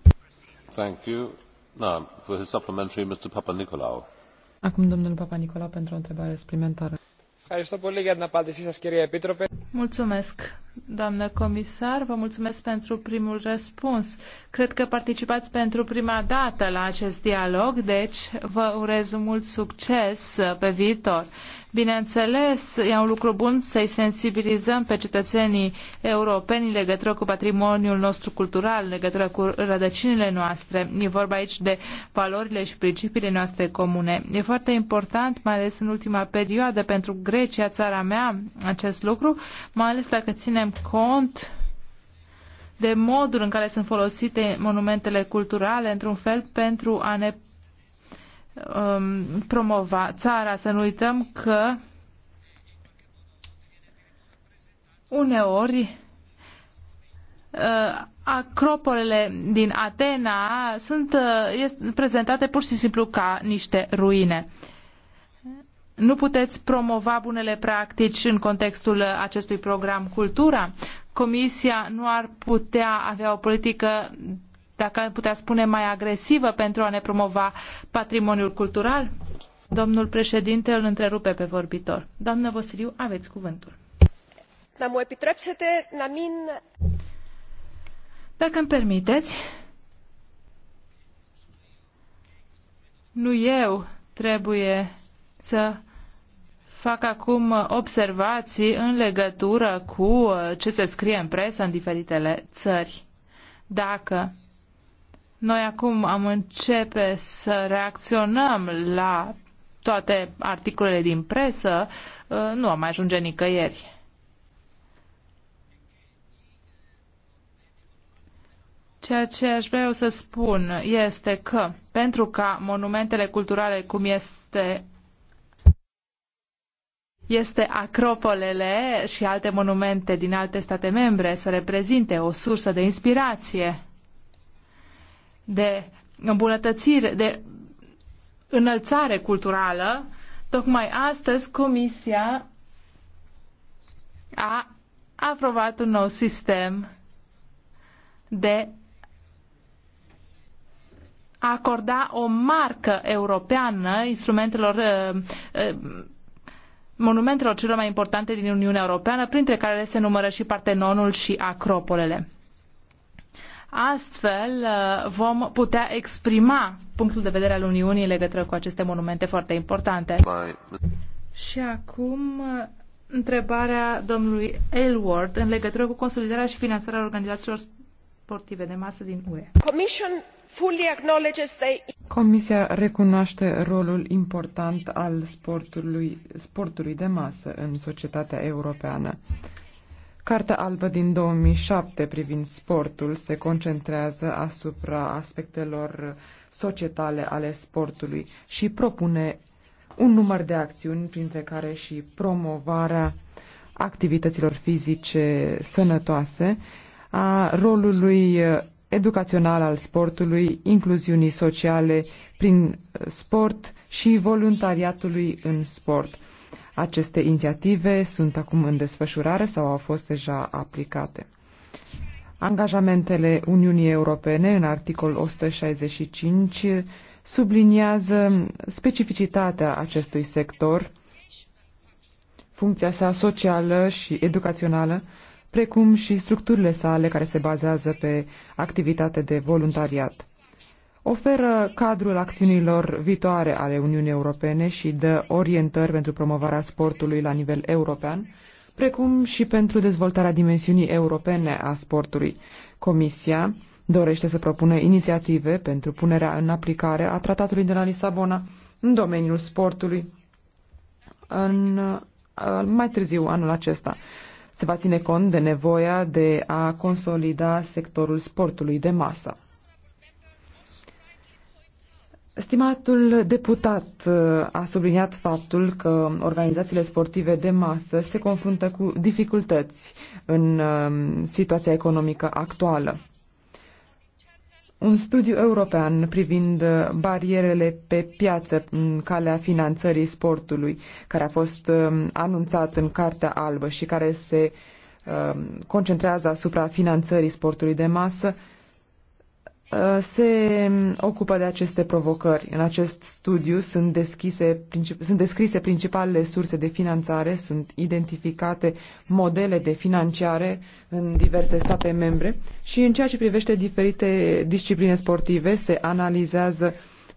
Speaker 2: Thank you. Now, for his supplementary, Mr. Papa Nicolau.
Speaker 5: Acum domnul Papa Nicolau pentru o întrebare suplimentară. Mulțumesc, doamnă comisar, vă mulțumesc pentru primul răspuns. Cred că participați pentru prima dată la acest dialog, deci vă urez mult succes pe viitor. Bineînțeles, e un lucru bun să-i sensibilizăm pe cetățenii europeni în legătură cu patrimoniul nostru cultural, în legătură cu rădăcinile noastre. E vorba aici de valorile și principiile noastre comune. E foarte important, mai ales în ultima perioadă, pentru Grecia, țara mea, acest lucru, mai ales dacă ținem cont de modul în care sunt folosite monumentele culturale, într-un fel, pentru a ne um, promova țara. Să nu uităm că uneori uh, acropolele din Atena sunt uh, prezentate pur și simplu ca niște ruine. Nu puteți promova bunele practici în contextul acestui program Cultura? Comisia nu ar putea avea o politică dacă am putea spune, mai agresivă pentru a ne promova patrimoniul cultural? Domnul președinte îl întrerupe pe vorbitor. Doamnă Vasiliu, aveți cuvântul. Dacă îmi permiteți, nu eu trebuie să fac acum observații în legătură cu ce se scrie în presă în diferitele țări. Dacă noi acum am începe să reacționăm la toate articolele din presă, uh, nu am ajunge nicăieri. Ceea ce aș vrea eu să spun este că pentru ca monumentele culturale cum este este acropolele și alte monumente din alte state membre să reprezinte o sursă de inspirație de îmbunătățire, de înălțare culturală, tocmai astăzi Comisia a aprobat un nou sistem de a acorda o marcă europeană instrumentelor uh, uh, monumentelor celor mai importante din Uniunea Europeană, printre care se numără și Partenonul și Acropolele. Astfel uh, vom putea exprima punctul de vedere al Uniunii în legătură cu aceste monumente foarte importante. Și acum uh, întrebarea domnului Elward în legătură cu consolidarea și finanțarea organizațiilor sportive de masă din UE.
Speaker 3: Comisia recunoaște rolul important al sportului, sportului de masă în societatea europeană. Cartea albă din 2007 privind sportul se concentrează asupra aspectelor societale ale sportului și propune un număr de acțiuni, printre care și promovarea activităților fizice sănătoase, a rolului educațional al sportului, incluziunii sociale prin sport și voluntariatului în sport. Aceste inițiative sunt acum în desfășurare sau au fost deja aplicate. Angajamentele Uniunii Europene în articol 165 subliniază specificitatea acestui sector, funcția sa socială și educațională, precum și structurile sale care se bazează pe activitate de voluntariat oferă cadrul acțiunilor viitoare ale Uniunii Europene și dă orientări pentru promovarea sportului la nivel european, precum și pentru dezvoltarea dimensiunii europene a sportului. Comisia dorește să propună inițiative pentru punerea în aplicare a Tratatului de la Lisabona în domeniul sportului în, mai târziu anul acesta. Se va ține cont de nevoia de a consolida sectorul sportului de masă. Stimatul deputat uh, a subliniat faptul că organizațiile sportive de masă se confruntă cu dificultăți în uh, situația economică actuală. Un studiu european privind barierele pe piață în calea finanțării sportului, care a fost uh, anunțat în Cartea Albă și care se concentrează asupra finanțării sportului de masă, Uh, se ocupă de aceste provocări. În acest studiu sunt, deschise, sunt descrise principalele surse de finanțare, sunt identificate modele de financiare în diverse state membre și în ceea ce privește diferite discipline sportive se analizează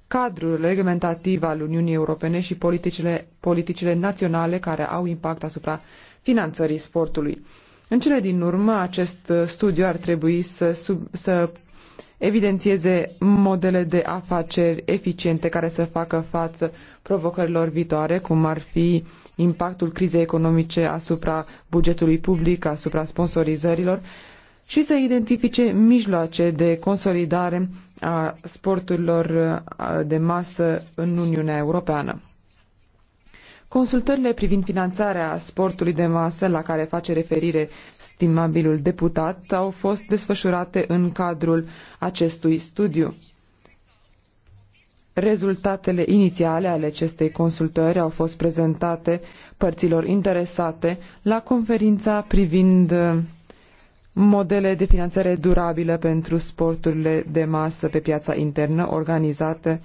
Speaker 3: cadrul reglementativ al Uniunii Europene și politicile, politicile naționale care au impact asupra finanțării sportului. În cele din urmă, acest studiu ar trebui să, sub, să evidențieze modele de afaceri eficiente care să facă față provocărilor viitoare, cum ar fi impactul crizei economice asupra bugetului public, asupra sponsorizărilor, și să identifice mijloace de consolidare a sporturilor de masă în Uniunea Europeană. Consultările privind finanțarea sportului de masă la care face referire stimabilul deputat au fost desfășurate în cadrul acestui studiu. Rezultatele inițiale ale acestei consultări au fost prezentate părților interesate la conferința privind modele de finanțare durabilă pentru sporturile de masă pe piața internă organizată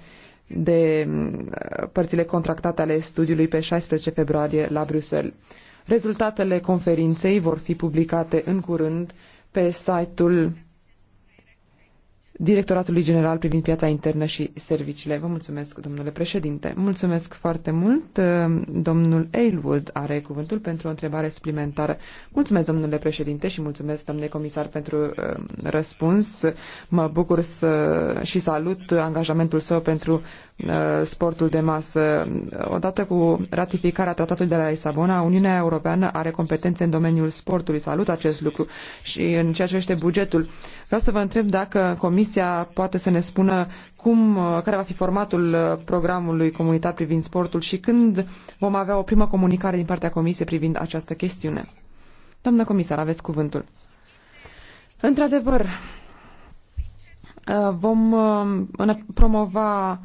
Speaker 3: de uh, părțile contractate ale studiului pe 16 februarie la Bruxelles. Rezultatele conferinței vor fi publicate în curând pe site-ul Directoratului General privind piața internă și serviciile. Vă mulțumesc, domnule președinte. Mulțumesc foarte mult. Domnul Aylwood are cuvântul pentru o întrebare suplimentară. Mulțumesc, domnule președinte, și mulțumesc, domnule comisar, pentru uh, răspuns. Mă bucur să și salut angajamentul său pentru Uh, sportul de masă. Odată cu ratificarea tratatului de la Lisabona, Uniunea Europeană are competențe în domeniul sportului. Salut acest lucru și în ceea ce privește bugetul. Vreau să vă întreb dacă Comisia poate să ne spună cum, uh, care va fi formatul uh, programului comunitar privind sportul și când vom avea o primă comunicare din partea Comisiei privind această chestiune. Doamnă comisar, aveți cuvântul.
Speaker 4: Într-adevăr,
Speaker 3: vom promova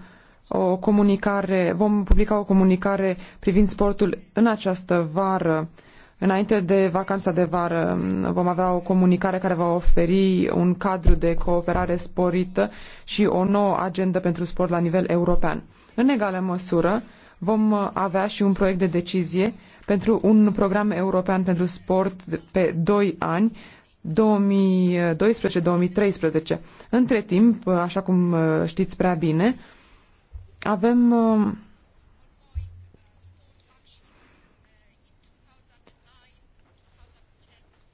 Speaker 3: o comunicare, vom publica o comunicare privind sportul în această vară. Înainte de vacanța de vară mm, vom avea o comunicare care va oferi un cadru de cooperare sporită și o nouă agendă pentru sport la nivel european. În egală măsură vom avea și un proiect de decizie pentru un program european pentru sport pe 2 ani 2012-2013. Între timp, așa cum uh, știți prea bine, avem uh,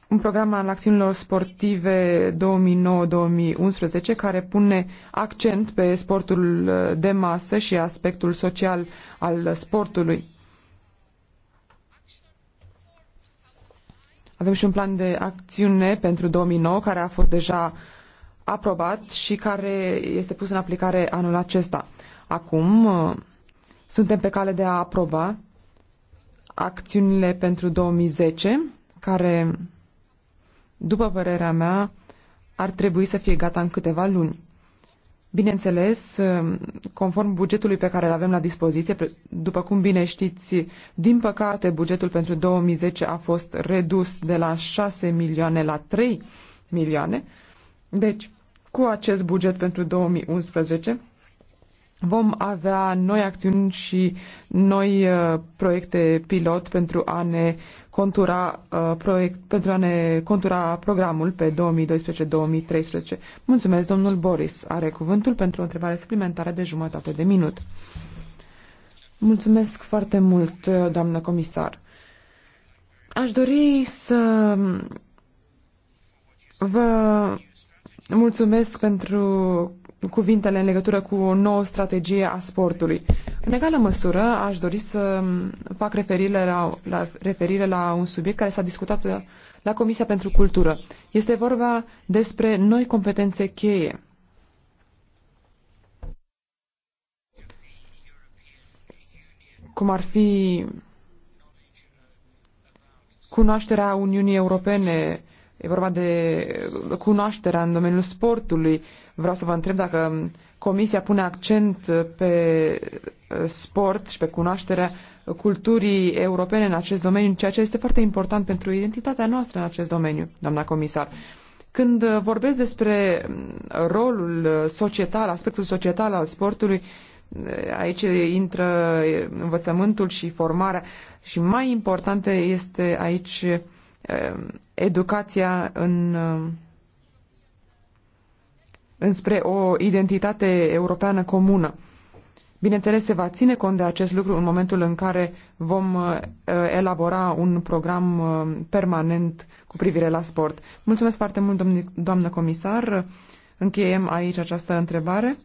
Speaker 3: un program al acțiunilor sportive 2009-2011 care pune accent pe sportul uh, de masă și aspectul social al sportului. Avem și un plan de acțiune pentru 2009 care a fost deja aprobat și care este pus în aplicare anul acesta. Acum uh, suntem pe cale de a aproba acțiunile pentru 2010, care, după părerea mea, ar trebui să fie gata în câteva luni. Bineînțeles, uh, conform bugetului pe care îl avem la dispoziție, după cum bine știți, din păcate bugetul pentru 2010 a fost redus de la 6 milioane la 3 milioane. Deci, cu acest buget pentru 2011 vom avea noi acțiuni și noi uh, proiecte pilot pentru a ne contura, uh, proiect, pentru a ne contura programul pe 2012-2013. Mulțumesc, domnul Boris. Are cuvântul pentru o întrebare suplimentară de jumătate de minut. Mulțumesc foarte mult, uh, doamnă comisar. Aș dori să vă mulțumesc pentru cuvintele în legătură cu o nouă strategie a sportului. În egală măsură, aș dori să fac referire la, la, referire la un subiect care s-a discutat uh, la Comisia pentru Cultură. Este vorba despre noi competențe cheie. Cum ar fi cunoașterea Uniunii Europene, e vorba de cunoașterea în domeniul sportului, Vreau să vă întreb dacă Comisia pune accent pe uh, sport și pe cunoașterea culturii europene în acest domeniu, ceea ce este foarte important pentru identitatea noastră în acest domeniu, doamna comisar. Când uh, vorbesc despre mm, rolul uh, societal, aspectul societal al sportului, aici intră învățământul și formarea și mai importantă este aici educația în înspre o identitate europeană comună. Bineînțeles, se va ține cont de acest lucru în momentul în care vom uh, elabora un program uh, permanent cu privire la sport. Mulțumesc foarte mult, doamnă comisar. Încheiem aici această întrebare.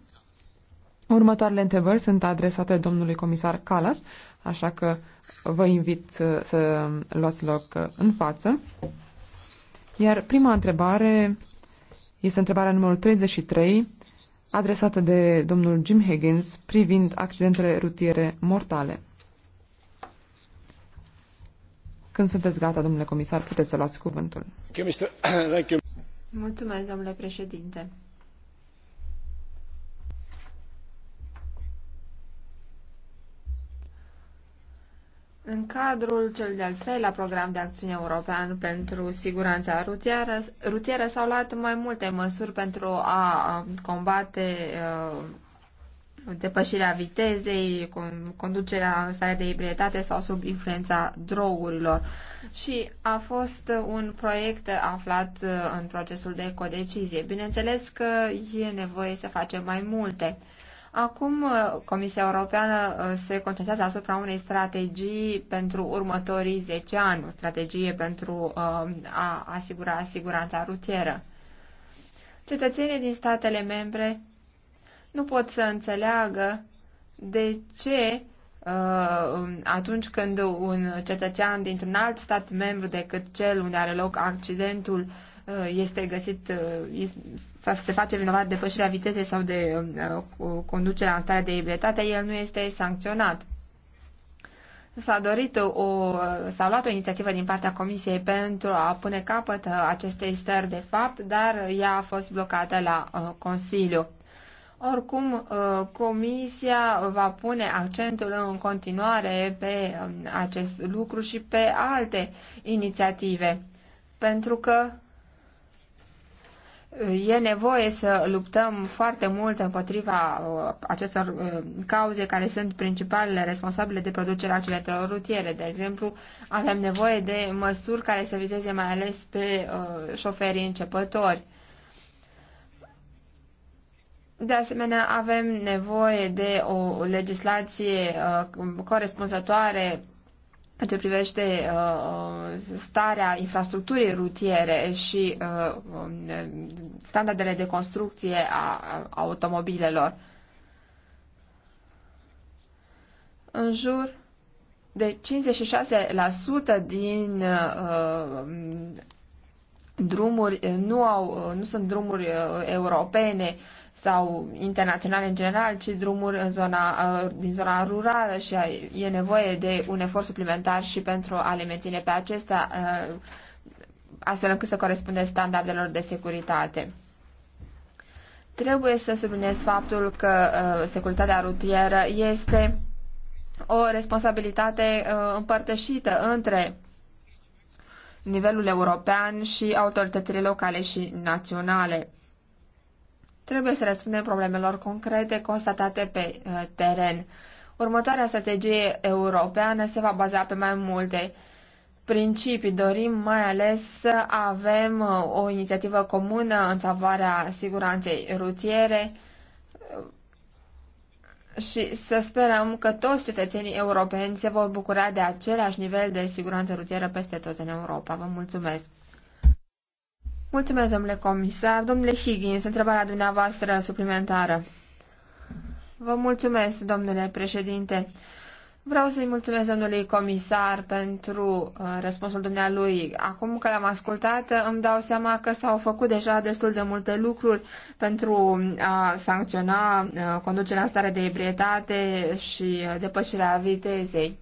Speaker 3: Următoarele întrebări sunt adresate domnului comisar Calas, așa că vă invit uh, să, luați loc în față. Iar prima întrebare este întrebarea numărul 33, adresată de domnul Jim Higgins, privind accidentele rutiere mortale. Când sunteți gata, domnule comisar, puteți să luați cuvântul.
Speaker 1: Mulțumesc, domnule președinte. În cadrul cel de-al treilea program de acțiune european pentru siguranța rutieră, rutieră s-au luat mai multe măsuri pentru a combate uh, depășirea vitezei, conducerea în stare de ebrietate sau sub influența drogurilor. Și a fost un proiect aflat uh, în procesul de codecizie. Bineînțeles că e nevoie să facem mai multe. Acum uh, Comisia Europeană uh, se concentrează asupra unei strategii pentru următorii 10 ani, o strategie pentru um, a asigura siguranța rutieră. Cetățenii din statele membre nu pot să înțeleagă de ce uh, atunci când un cetățean dintr-un alt stat membru decât cel unde are loc accidentul Uh, este găsit, uh, se face vinovat de depășirea vitezei sau de uh, conducerea în stare de ebrietate, el nu este sancționat. S-a dorit o, s-a luat o inițiativă din partea Comisiei pentru a pune capăt acestei stări de fapt, dar ea a fost blocată la Consiliu. Oricum, Comisia va pune accentul în continuare pe um, acest lucru și pe alte inițiative, pentru că E nevoie să luptăm foarte mult împotriva uh, acestor uh, cauze care sunt principalele responsabile de producerea accidentelor rutiere. De exemplu, avem nevoie de măsuri care să vizeze mai ales pe uh, șoferii începători. De asemenea, avem nevoie de o legislație corespunzătoare în ce privește uh, uh, starea infrastructurii rutiere și uh, um, standardele de construcție a automobilelor. În jur de 56% din um, drumuri nu, au, nu sunt drumuri europene sau internaționale în general, ci drumuri în zona, uh, din zona rurală și e nevoie de un efort suplimentar și pentru a le menține pe acestea, uh, astfel încât să corespunde standardelor de securitate. Trebuie să subliniez faptul că uh, securitatea rutieră este o responsabilitate împărtășită între nivelul european și autoritățile locale și naționale. Trebuie să răspundem problemelor concrete constatate pe uh, teren. Următoarea strategie europeană se va baza pe mai multe principii. Dorim mai ales să avem uh, o inițiativă comună în favoarea siguranței rutiere uh, și să sperăm că toți cetățenii europeni se vor bucura de același nivel de siguranță rutieră peste tot în Europa. Vă mulțumesc! Mulțumesc, domnule comisar. Domnule Higgins, întrebarea dumneavoastră suplimentară. Vă mulțumesc, domnule președinte. Vreau să-i mulțumesc domnului comisar pentru uh, răspunsul dumnealui. Acum că l-am ascultat, îmi dau seama că s-au făcut deja destul de multe lucruri pentru a sancționa uh, conducerea în stare de ebrietate și uh, depășirea vitezei.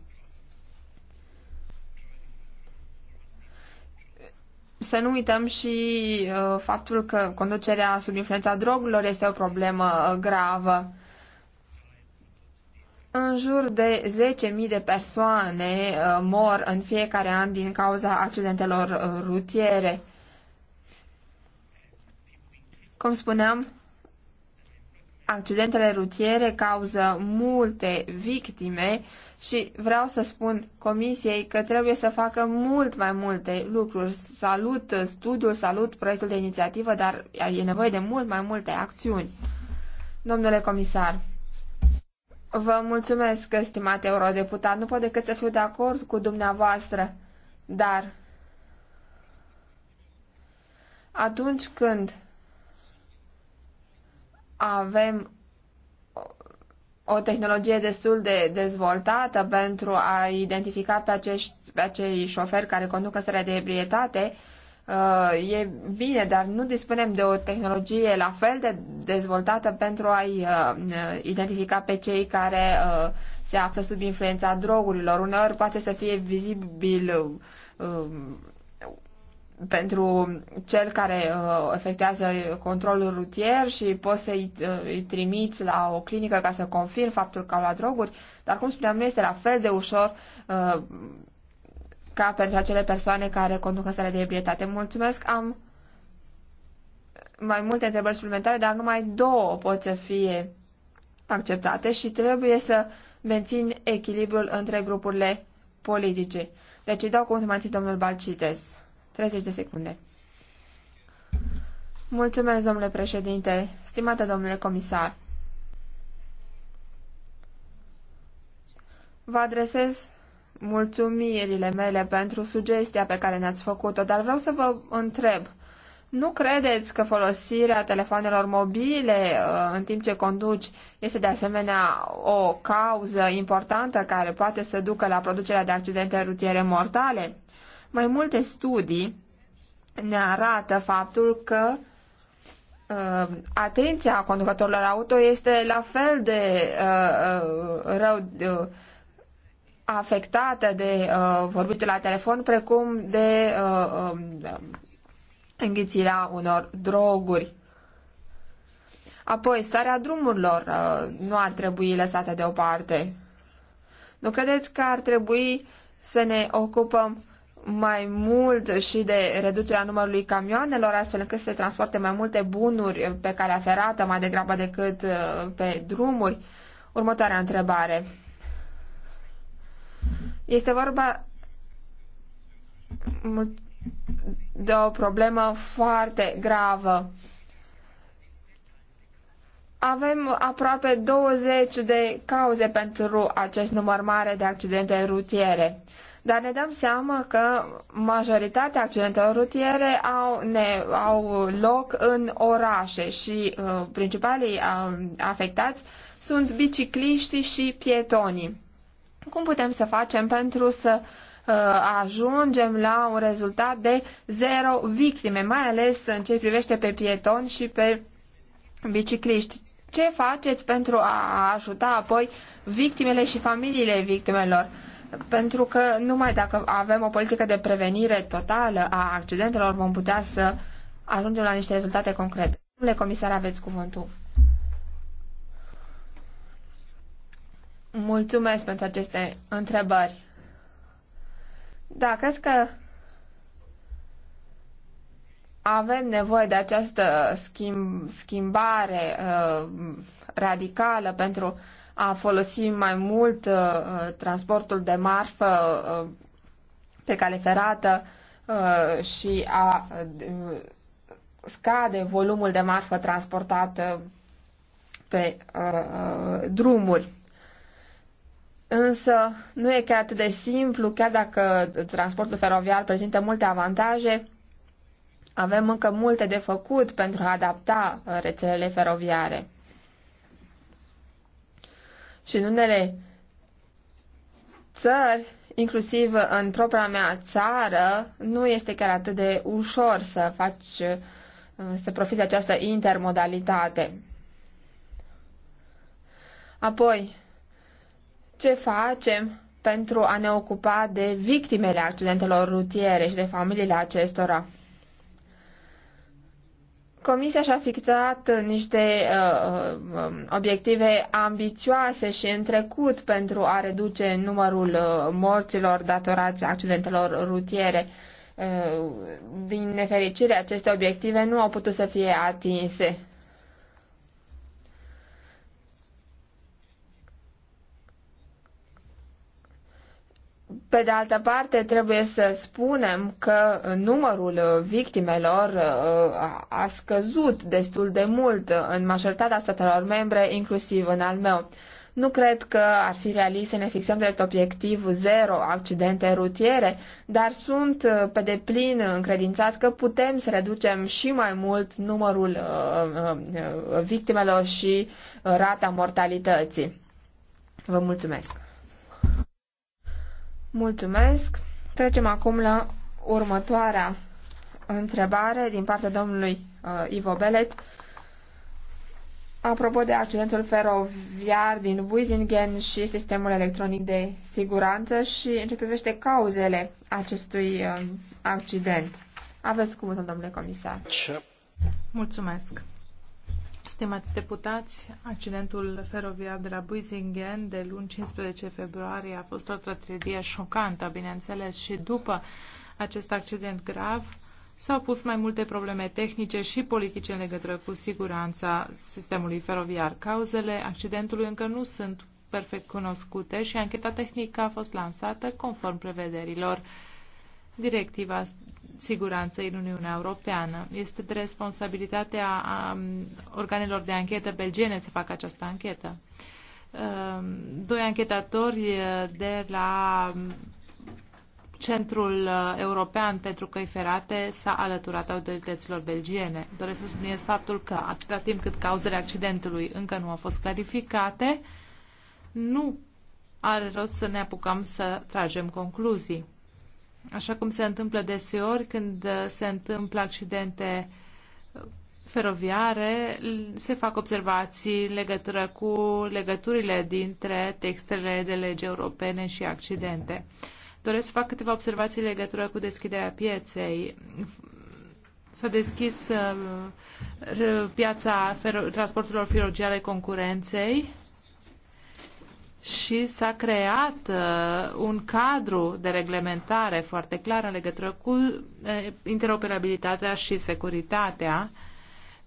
Speaker 1: Să nu uităm și uh, faptul că conducerea sub influența drogurilor este o problemă uh, gravă. În jur de 10.000 de persoane uh, mor în fiecare an din cauza accidentelor rutiere. Cum spuneam, accidentele rutiere cauză multe victime și vreau să spun comisiei că trebuie să facă mult mai multe lucruri. Salut studiul, salut proiectul de inițiativă, dar e nevoie de mult mai multe acțiuni. Domnule comisar, vă mulțumesc, stimate eurodeputat. Nu pot decât să fiu de acord cu dumneavoastră, dar atunci când avem o tehnologie destul de dezvoltată pentru a identifica pe, acești, pe acei șoferi care conduc în stare de ebrietate, uh, e bine, dar nu dispunem de o tehnologie la fel de dezvoltată pentru a-i uh, identifica pe cei care uh, se află sub influența drogurilor. Uneori poate să fie vizibil pentru cel care uh, efectuează controlul rutier și poți să-i uh, trimiți la o clinică ca să confirm faptul că au luat droguri, dar cum spuneam, nu este la fel de ușor uh, ca pentru acele persoane care conduc în stare de ebrietate. Mulțumesc, am mai multe întrebări suplimentare, dar numai două pot să fie acceptate și trebuie să mențin echilibrul între grupurile politice. Deci îi dau cuvântul domnul Balcites. 30 de secunde. Mulțumesc, domnule președinte, stimate domnule comisar. Vă adresez mulțumirile mele pentru sugestia pe care ne-ați făcut-o, dar vreau să vă întreb. Nu credeți că folosirea telefonelor mobile uh, în timp ce conduci este de asemenea o cauză importantă care poate să ducă la producerea de accidente rutiere mortale? Mai multe studii ne arată faptul că uh, atenția conducătorilor auto este la fel de uh, uh rău uh, afectată de uh, vorbitul la telefon precum de uh, uh, înghițirea unor droguri. Apoi, starea drumurilor uh, nu ar trebui lăsată deoparte. Nu credeți că ar trebui să ne ocupăm mai mult și de reducerea numărului camioanelor, astfel încât să se transporte mai multe bunuri pe calea ferată, mai degrabă decât uh, pe drumuri? Următoarea întrebare. Este vorba de o problemă foarte gravă. Avem aproape 20 de cauze pentru acest număr mare de accidente rutiere dar ne dăm seama că majoritatea accidentelor rutiere au, ne, au loc în orașe și uh, principalii uh, afectați sunt bicicliștii și pietonii. Cum putem să facem pentru să uh, ajungem la un rezultat de zero victime, mai ales în ce privește pe pietoni și pe bicicliști? Ce faceți pentru a ajuta apoi victimele și familiile victimelor? pentru că numai dacă avem o politică de prevenire totală a accidentelor vom putea să ajungem la niște rezultate concrete. Domnule comisar, aveți cuvântul. Mulțumesc pentru aceste întrebări. Da, cred că avem nevoie de această schimb, schimbare uh, radicală pentru a folosi mai mult uh, transportul de marfă uh, pe cale ferată uh, și a uh, scade volumul de marfă transportată uh, pe uh, uh, drumuri. Însă nu e chiar atât de simplu, chiar dacă transportul feroviar prezintă multe avantaje, avem încă multe de făcut pentru a adapta rețelele feroviare. Și în unele țări, inclusiv în propria mea țară, nu este chiar atât de ușor să faci, să profiți această intermodalitate. Apoi, ce facem pentru a ne ocupa de victimele accidentelor rutiere și de familiile acestora? Comisia și-a fixat niște uh, um, obiective ambițioase și în trecut pentru a reduce numărul uh, morților datorați accidentelor rutiere. Uh, din nefericire, aceste obiective nu au putut să fie atinse Pe de altă parte, trebuie să spunem că numărul victimelor uh, a scăzut destul de mult în majoritatea statelor membre, inclusiv în al meu. Nu cred că ar fi realist să ne fixăm drept obiectiv zero accidente rutiere, dar sunt uh, pe deplin încredințat că putem să reducem și mai mult numărul uh, victimelor și rata mortalității. Vă mulțumesc! Mulțumesc. Trecem acum la următoarea întrebare din partea domnului uh, Ivo Belet. Apropo de accidentul feroviar din Wiesingen și sistemul electronic de siguranță și în ce privește cauzele acestui uh, accident. Aveți cuvântul, domnule comisar. Ce? Mulțumesc.
Speaker 5: Stimați deputați, accidentul feroviar de la Buizingen de luni 15 februarie a fost o tragedie șocantă, bineînțeles, și după acest accident grav s-au pus mai multe probleme tehnice și politice în legătură cu siguranța sistemului feroviar. Cauzele accidentului încă nu sunt perfect cunoscute și ancheta tehnică a fost lansată conform prevederilor directiva siguranței în Uniunea Europeană. Este de responsabilitatea a um, organelor de anchetă belgiene să facă această anchetă. Um, doi anchetatori uh, de la um, Centrul uh, European pentru Căi Ferate s-a alăturat autorităților belgiene. Doresc să subliniez faptul că, atâta timp cât cauzele accidentului încă nu au fost clarificate, nu are rost să ne apucăm să tragem concluzii așa cum se întâmplă deseori când uh, se întâmplă accidente uh, feroviare, se fac observații în legătură cu legăturile dintre textele de lege europene și accidente. Doresc să fac câteva observații în legătură cu deschiderea pieței. S-a deschis uh, piața transporturilor feroviare concurenței și s-a creat uh, un cadru de reglementare foarte clar în legătură cu uh, interoperabilitatea și securitatea,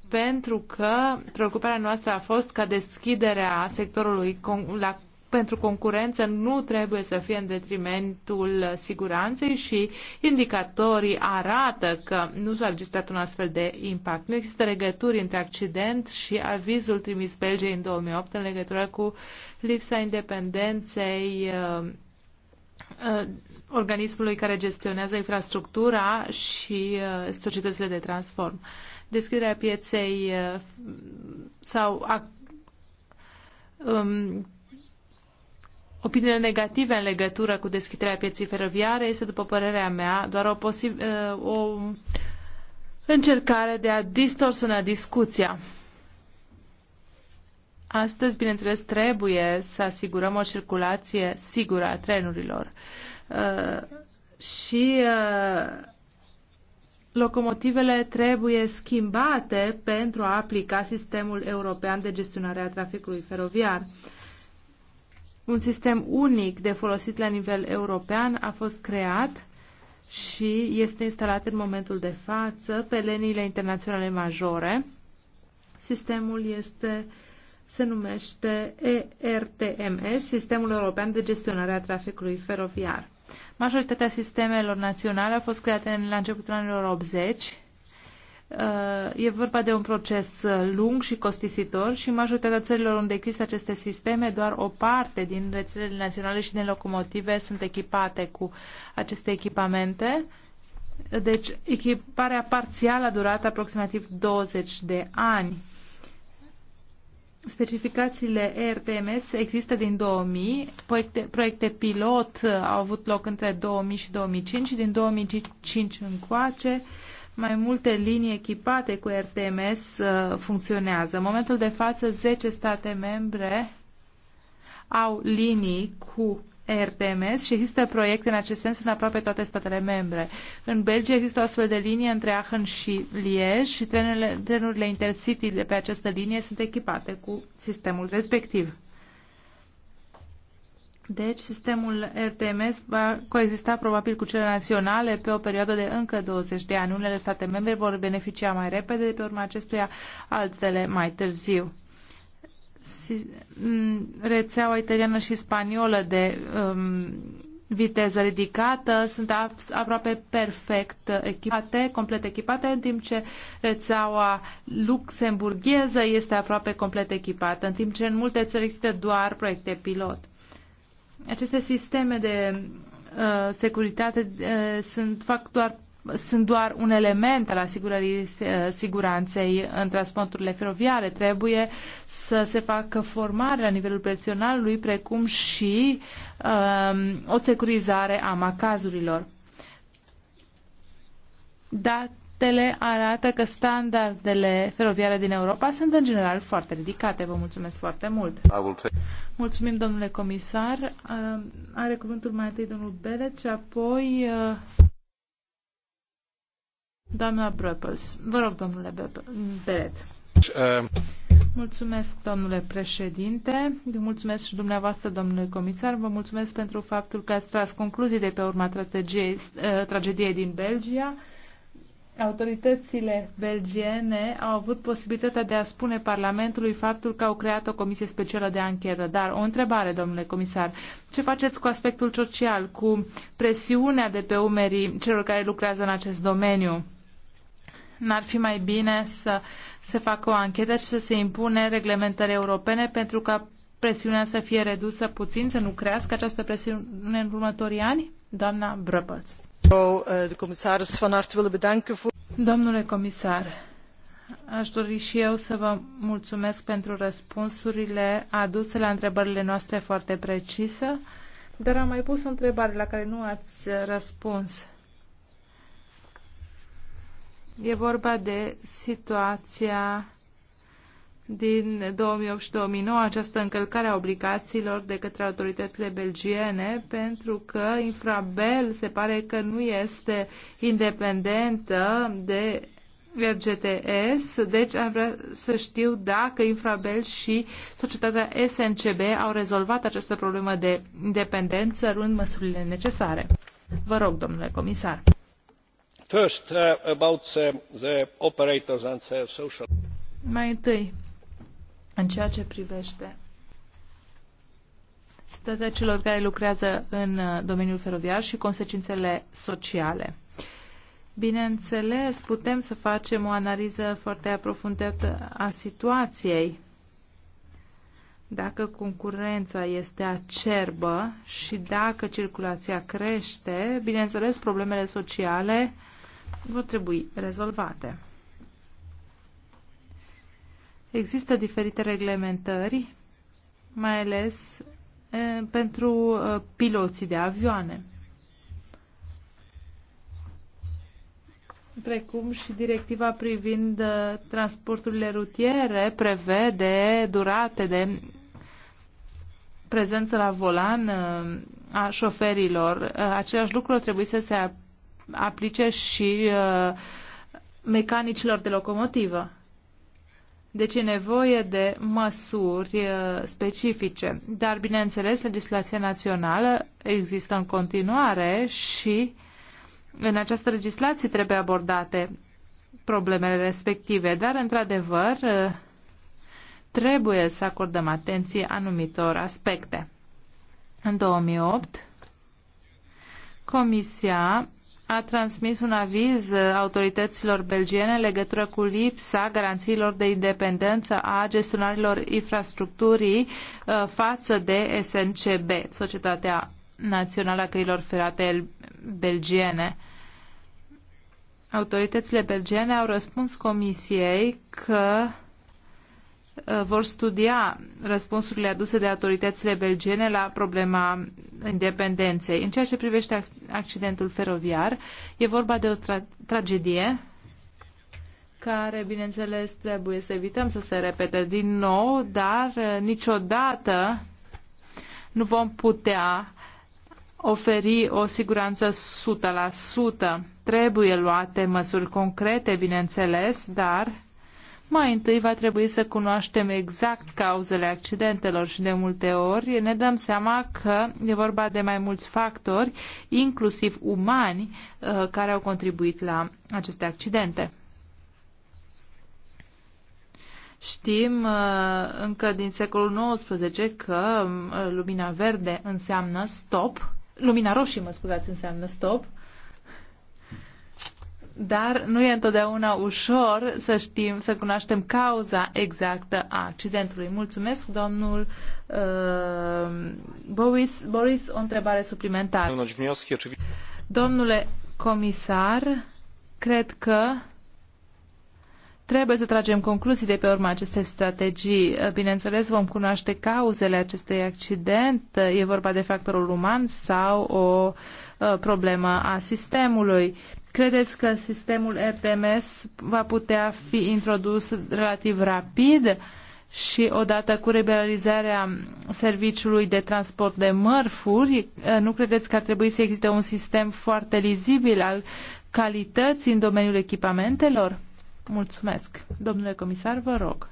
Speaker 5: pentru că preocuparea noastră a fost ca deschiderea sectorului la pentru concurență nu trebuie să fie în detrimentul siguranței și indicatorii arată că nu s-a registrat un astfel de impact. Nu există legături între accident și avizul trimis Belgiei în 2008 în legătură cu lipsa independenței uh, uh, organismului care gestionează infrastructura și uh, societățile de transform. Deschiderea pieței sau um, Opiniile negative în legătură cu deschiderea pieței feroviare este, după părerea mea, doar o, uh, o încercare de a distorsiona discuția. Astăzi, bineînțeles, trebuie să asigurăm o circulație sigură a trenurilor. Uh, și uh, locomotivele trebuie schimbate pentru a aplica sistemul european de gestionare a traficului feroviar. Uh, un sistem unic de folosit la nivel european a fost creat și este instalat în momentul de față pe liniile internaționale majore. Sistemul este se numește ERTMS, Sistemul European de Gestionare a Traficului Feroviar. Majoritatea sistemelor naționale au fost create în, la începutul anilor 80 Uh, e vorba de un proces lung și costisitor și majoritatea țărilor unde există aceste sisteme, doar o parte din rețelele naționale și din locomotive sunt echipate cu aceste echipamente. Deci, echiparea parțială a durat aproximativ 20 de ani. Specificațiile ERTMS există din 2000, proiecte, proiecte pilot au avut loc între 2000 și 2005 și din 2005 încoace mai multe linii echipate cu RTMS uh, funcționează. În momentul de față, 10 state membre au linii cu RTMS și există proiecte în acest sens în aproape toate statele membre. În Belgia există o astfel de linie între Aachen și Liege și trenurile, trenurile intercity de pe această linie sunt echipate cu sistemul respectiv. Deci, sistemul RTMS va coexista probabil cu cele naționale pe o perioadă de încă 20 de ani. Unele state membre vor beneficia mai repede de pe urma acestuia, altele mai târziu. Rețeaua italiană și spaniolă de um, viteză ridicată sunt aproape perfect echipate, complet echipate, în timp ce rețeaua luxemburgheză este aproape complet echipată, în timp ce în multe țări există doar proiecte pilot aceste sisteme de uh, securitate uh, sunt, fac doar, sunt doar un element al asigurării uh, siguranței în transporturile feroviare. Trebuie să se facă formare la nivelul personalului, precum și uh, o securizare a macazurilor. Da. Tele arată că standardele feroviare din Europa sunt în general foarte ridicate. Vă mulțumesc foarte mult. Mulțumim, domnule comisar. Uh, are cuvântul mai întâi domnul Belet și apoi uh, doamna Brăpăs. Vă rog, domnule Belet. Mulțumesc, domnule președinte. Mulțumesc și dumneavoastră, domnule comisar. Vă mulțumesc pentru faptul că ați tras concluzii de pe urma tragediei, uh, tragediei din Belgia autoritățile belgiene au avut posibilitatea de a spune Parlamentului faptul că au creat o comisie specială de anchetă. Dar o întrebare, domnule comisar, ce faceți cu aspectul social, cu presiunea de pe umerii celor care lucrează în acest domeniu? N-ar fi mai bine să se facă o anchetă și să se impune reglementări europene pentru ca presiunea să fie redusă puțin, să nu crească această presiune în următorii ani? Doamna Brăbălți. Domnule comisar, aș dori și eu să vă mulțumesc pentru răspunsurile aduse la întrebările noastre foarte precise, dar am mai pus o întrebare la care nu ați răspuns. E vorba de situația din 2008 și 2009 această încălcare a obligațiilor de către autoritățile belgiene pentru că Infrabel se pare că nu este independentă de RGTS, deci am vrea să știu dacă Infrabel și societatea SNCB au rezolvat această problemă de independență luând măsurile necesare. Vă rog, domnule comisar.
Speaker 4: First, uh, about the, uh, the operators and the uh, social...
Speaker 5: Mai întâi, în ceea ce privește situația celor care lucrează în uh, domeniul feroviar și consecințele sociale. Bineînțeles, putem să facem o analiză foarte aprofundată a situației. Dacă concurența este acerbă și dacă circulația crește, bineînțeles, problemele sociale vor trebui rezolvate. Există diferite reglementări, mai ales pentru piloții de avioane, precum și directiva privind transporturile rutiere prevede durate de prezență la volan a șoferilor. Același lucru trebuie să se aplice și mecanicilor de locomotivă. Deci e nevoie de măsuri uh, specifice. Dar, bineînțeles, legislația națională există în continuare și în această legislație trebuie abordate problemele respective. Dar, într-adevăr, uh, trebuie să acordăm atenție anumitor aspecte. În 2008, Comisia a transmis un aviz autorităților belgiene în legătură cu lipsa garanțiilor de independență a gestionarilor infrastructurii uh, față de SNCB, Societatea Națională a Căilor Ferate Belgiene. Autoritățile belgiene au răspuns comisiei că Uh, vor studia răspunsurile aduse de autoritățile belgiene la problema independenței. În ceea ce privește accidentul feroviar, e vorba de o tra tragedie care, bineînțeles, trebuie să evităm să se repete din nou, dar uh, niciodată nu vom putea oferi o siguranță 100%. Trebuie luate măsuri concrete, bineînțeles, dar mai întâi va trebui să cunoaștem exact cauzele accidentelor și de multe ori ne dăm seama că e vorba de mai mulți factori, inclusiv umani, uh, care au contribuit la aceste accidente. Știm uh, încă din secolul XIX că uh, lumina verde înseamnă stop, lumina roșie, mă scuzați, înseamnă stop, dar nu e întotdeauna ușor să știm, să cunoaștem cauza exactă a accidentului. Mulțumesc, domnul uh, Boris, Boris, o întrebare suplimentară. Domnule comisar, cred că Trebuie să tragem concluzii de pe urma acestei strategii. Bineînțeles, vom cunoaște cauzele acestui accident. E vorba de factorul uman sau o uh, problemă a sistemului. Credeți că sistemul RTMS va putea fi introdus relativ rapid și odată cu liberalizarea serviciului de transport de mărfuri, nu credeți că ar trebui să existe un sistem foarte lizibil al calității în domeniul echipamentelor? Mulțumesc. Domnule comisar, vă rog.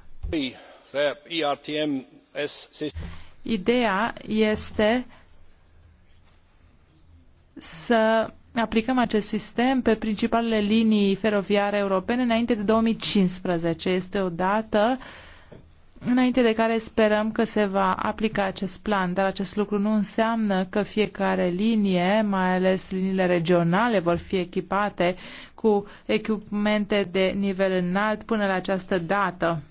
Speaker 5: Ideea este să aplicăm acest sistem pe principalele linii feroviare europene înainte de 2015. Este o dată înainte de care sperăm că se va aplica acest plan, dar acest lucru nu înseamnă că fiecare linie, mai ales liniile regionale, vor fi echipate cu echipamente de nivel înalt până la această dată.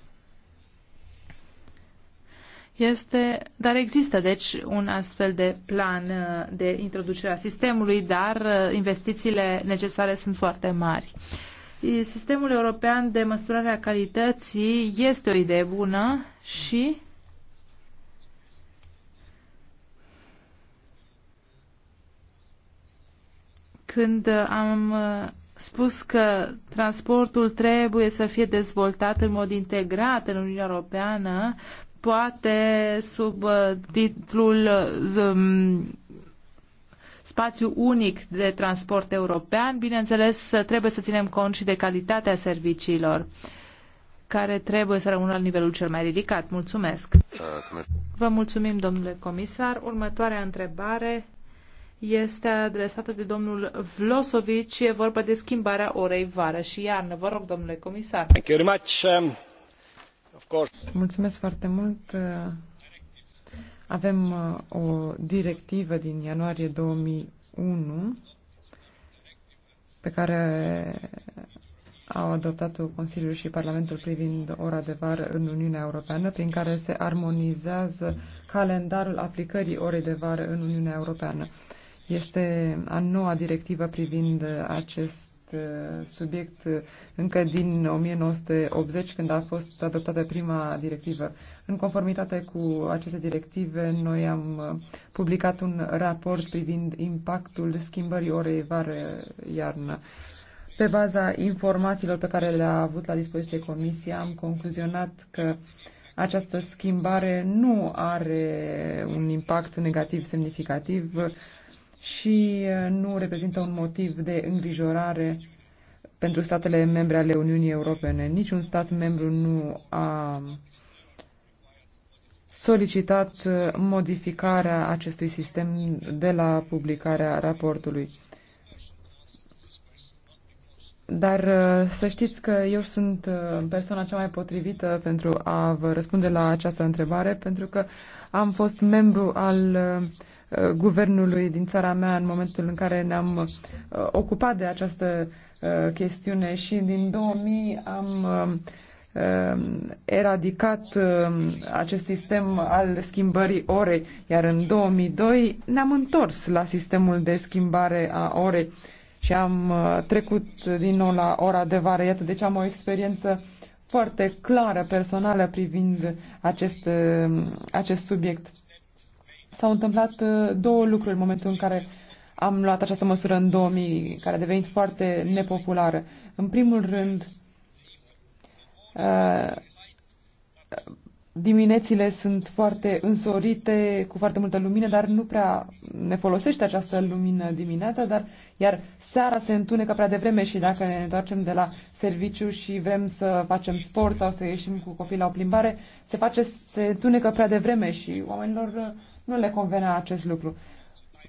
Speaker 5: Este, dar există, deci, un astfel de plan uh, de introducere a sistemului, dar uh, investițiile necesare sunt foarte mari. Sistemul european de măsurare a calității este o idee bună și când uh, am spus că transportul trebuie să fie dezvoltat în mod integrat în Uniunea Europeană, poate sub uh, titlul um, spațiu unic de transport european, bineînțeles, trebuie să ținem cont și de calitatea serviciilor care trebuie să rămână la nivelul cel mai ridicat. Mulțumesc! Vă mulțumim, domnule comisar. Următoarea întrebare este adresată de domnul Vlosovici. E vorba de schimbarea orei vară și iarnă. Vă rog, domnule comisar. Thank
Speaker 4: you very much. Um,
Speaker 3: Mulțumesc foarte mult. Avem uh, o directivă din ianuarie 2001 pe care au adoptat-o Consiliul și Parlamentul privind ora de vară în Uniunea Europeană, prin care se armonizează calendarul aplicării orei de vară în Uniunea Europeană. Este a noua directivă privind acest Uh, subiect uh, încă din 1980, când a fost adoptată prima directivă. În conformitate cu aceste directive, noi am uh, publicat un raport privind impactul schimbării orei vară-iarnă. Pe baza informațiilor pe care le-a avut la dispoziție Comisia, am concluzionat că această schimbare nu are un impact negativ semnificativ și uh, nu reprezintă un motiv de îngrijorare pentru statele membre ale Uniunii Europene. Niciun stat membru nu a solicitat uh, modificarea acestui sistem de la publicarea raportului. Dar uh, să știți că eu sunt persoana cea mai potrivită pentru a vă răspunde la această întrebare, pentru că am fost membru al uh, Uh, guvernului din țara mea în momentul în care ne-am uh, ocupat de această uh, chestiune și din 2000 am eradicat acest sistem al schimbării orei, iar în 2002 ne-am întors la sistemul de schimbare a orei și am trecut din nou la ora de vară. Iată, deci am o experiență foarte clară, personală privind acest, acest subiect s-au întâmplat uh, două lucruri în momentul în care am luat această măsură în 2000, care a devenit foarte nepopulară. În primul rând, uh, diminețile sunt foarte însorite, cu foarte multă lumină, dar nu prea ne folosește această lumină dimineața, dar iar seara se întunecă prea devreme și dacă ne întoarcem de la serviciu și vrem să facem sport sau să ieșim cu copii la o plimbare, se face, se întunecă prea devreme și oamenilor uh, nu le convenea acest lucru.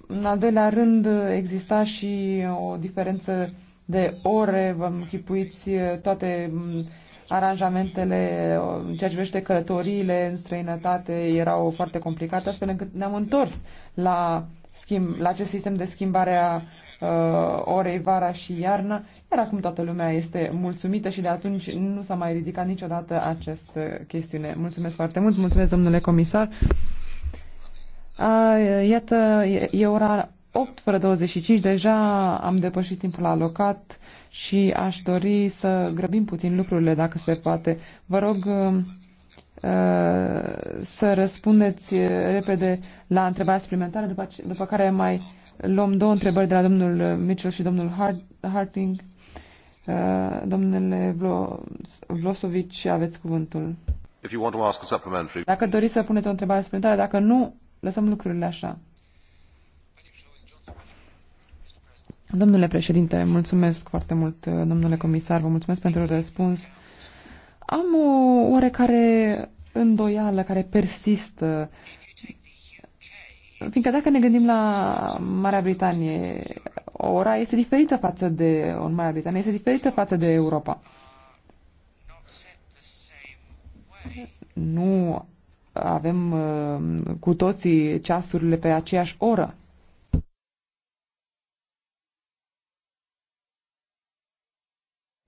Speaker 3: În al doilea rând, exista și o diferență de ore, vă închipuiți toate mm, aranjamentele în ceea ce privește călătoriile în străinătate erau foarte complicate, astfel încât ne-am întors la, schimb, la acest sistem de schimbare a uh, orei vara și iarna, iar acum toată lumea este mulțumită și de atunci nu s-a mai ridicat niciodată această chestiune. Mulțumesc foarte mult, mulțumesc domnule comisar. A, iată, e ora 8 fără 25, deja am depășit timpul alocat și aș dori să grăbim puțin lucrurile, dacă se poate. Vă rog să răspundeți repede la întrebarea suplimentară, după, după care mai luăm două întrebări de la domnul Mitchell și domnul Harting. Domnule Vlo Vlosovici, aveți cuvântul. Dacă doriți să puneți o întrebare suplimentară, dacă nu, lăsăm lucrurile așa. Domnule președinte,
Speaker 5: mulțumesc
Speaker 3: foarte mult, domnule comisar, vă mulțumesc pentru răspuns. Am o oarecare îndoială care persistă, fiindcă dacă ne gândim la Marea Britanie, ora este diferită față de o Marea Britanie, este diferită față de Europa. Nu avem uh, cu toții ceasurile pe aceeași oră.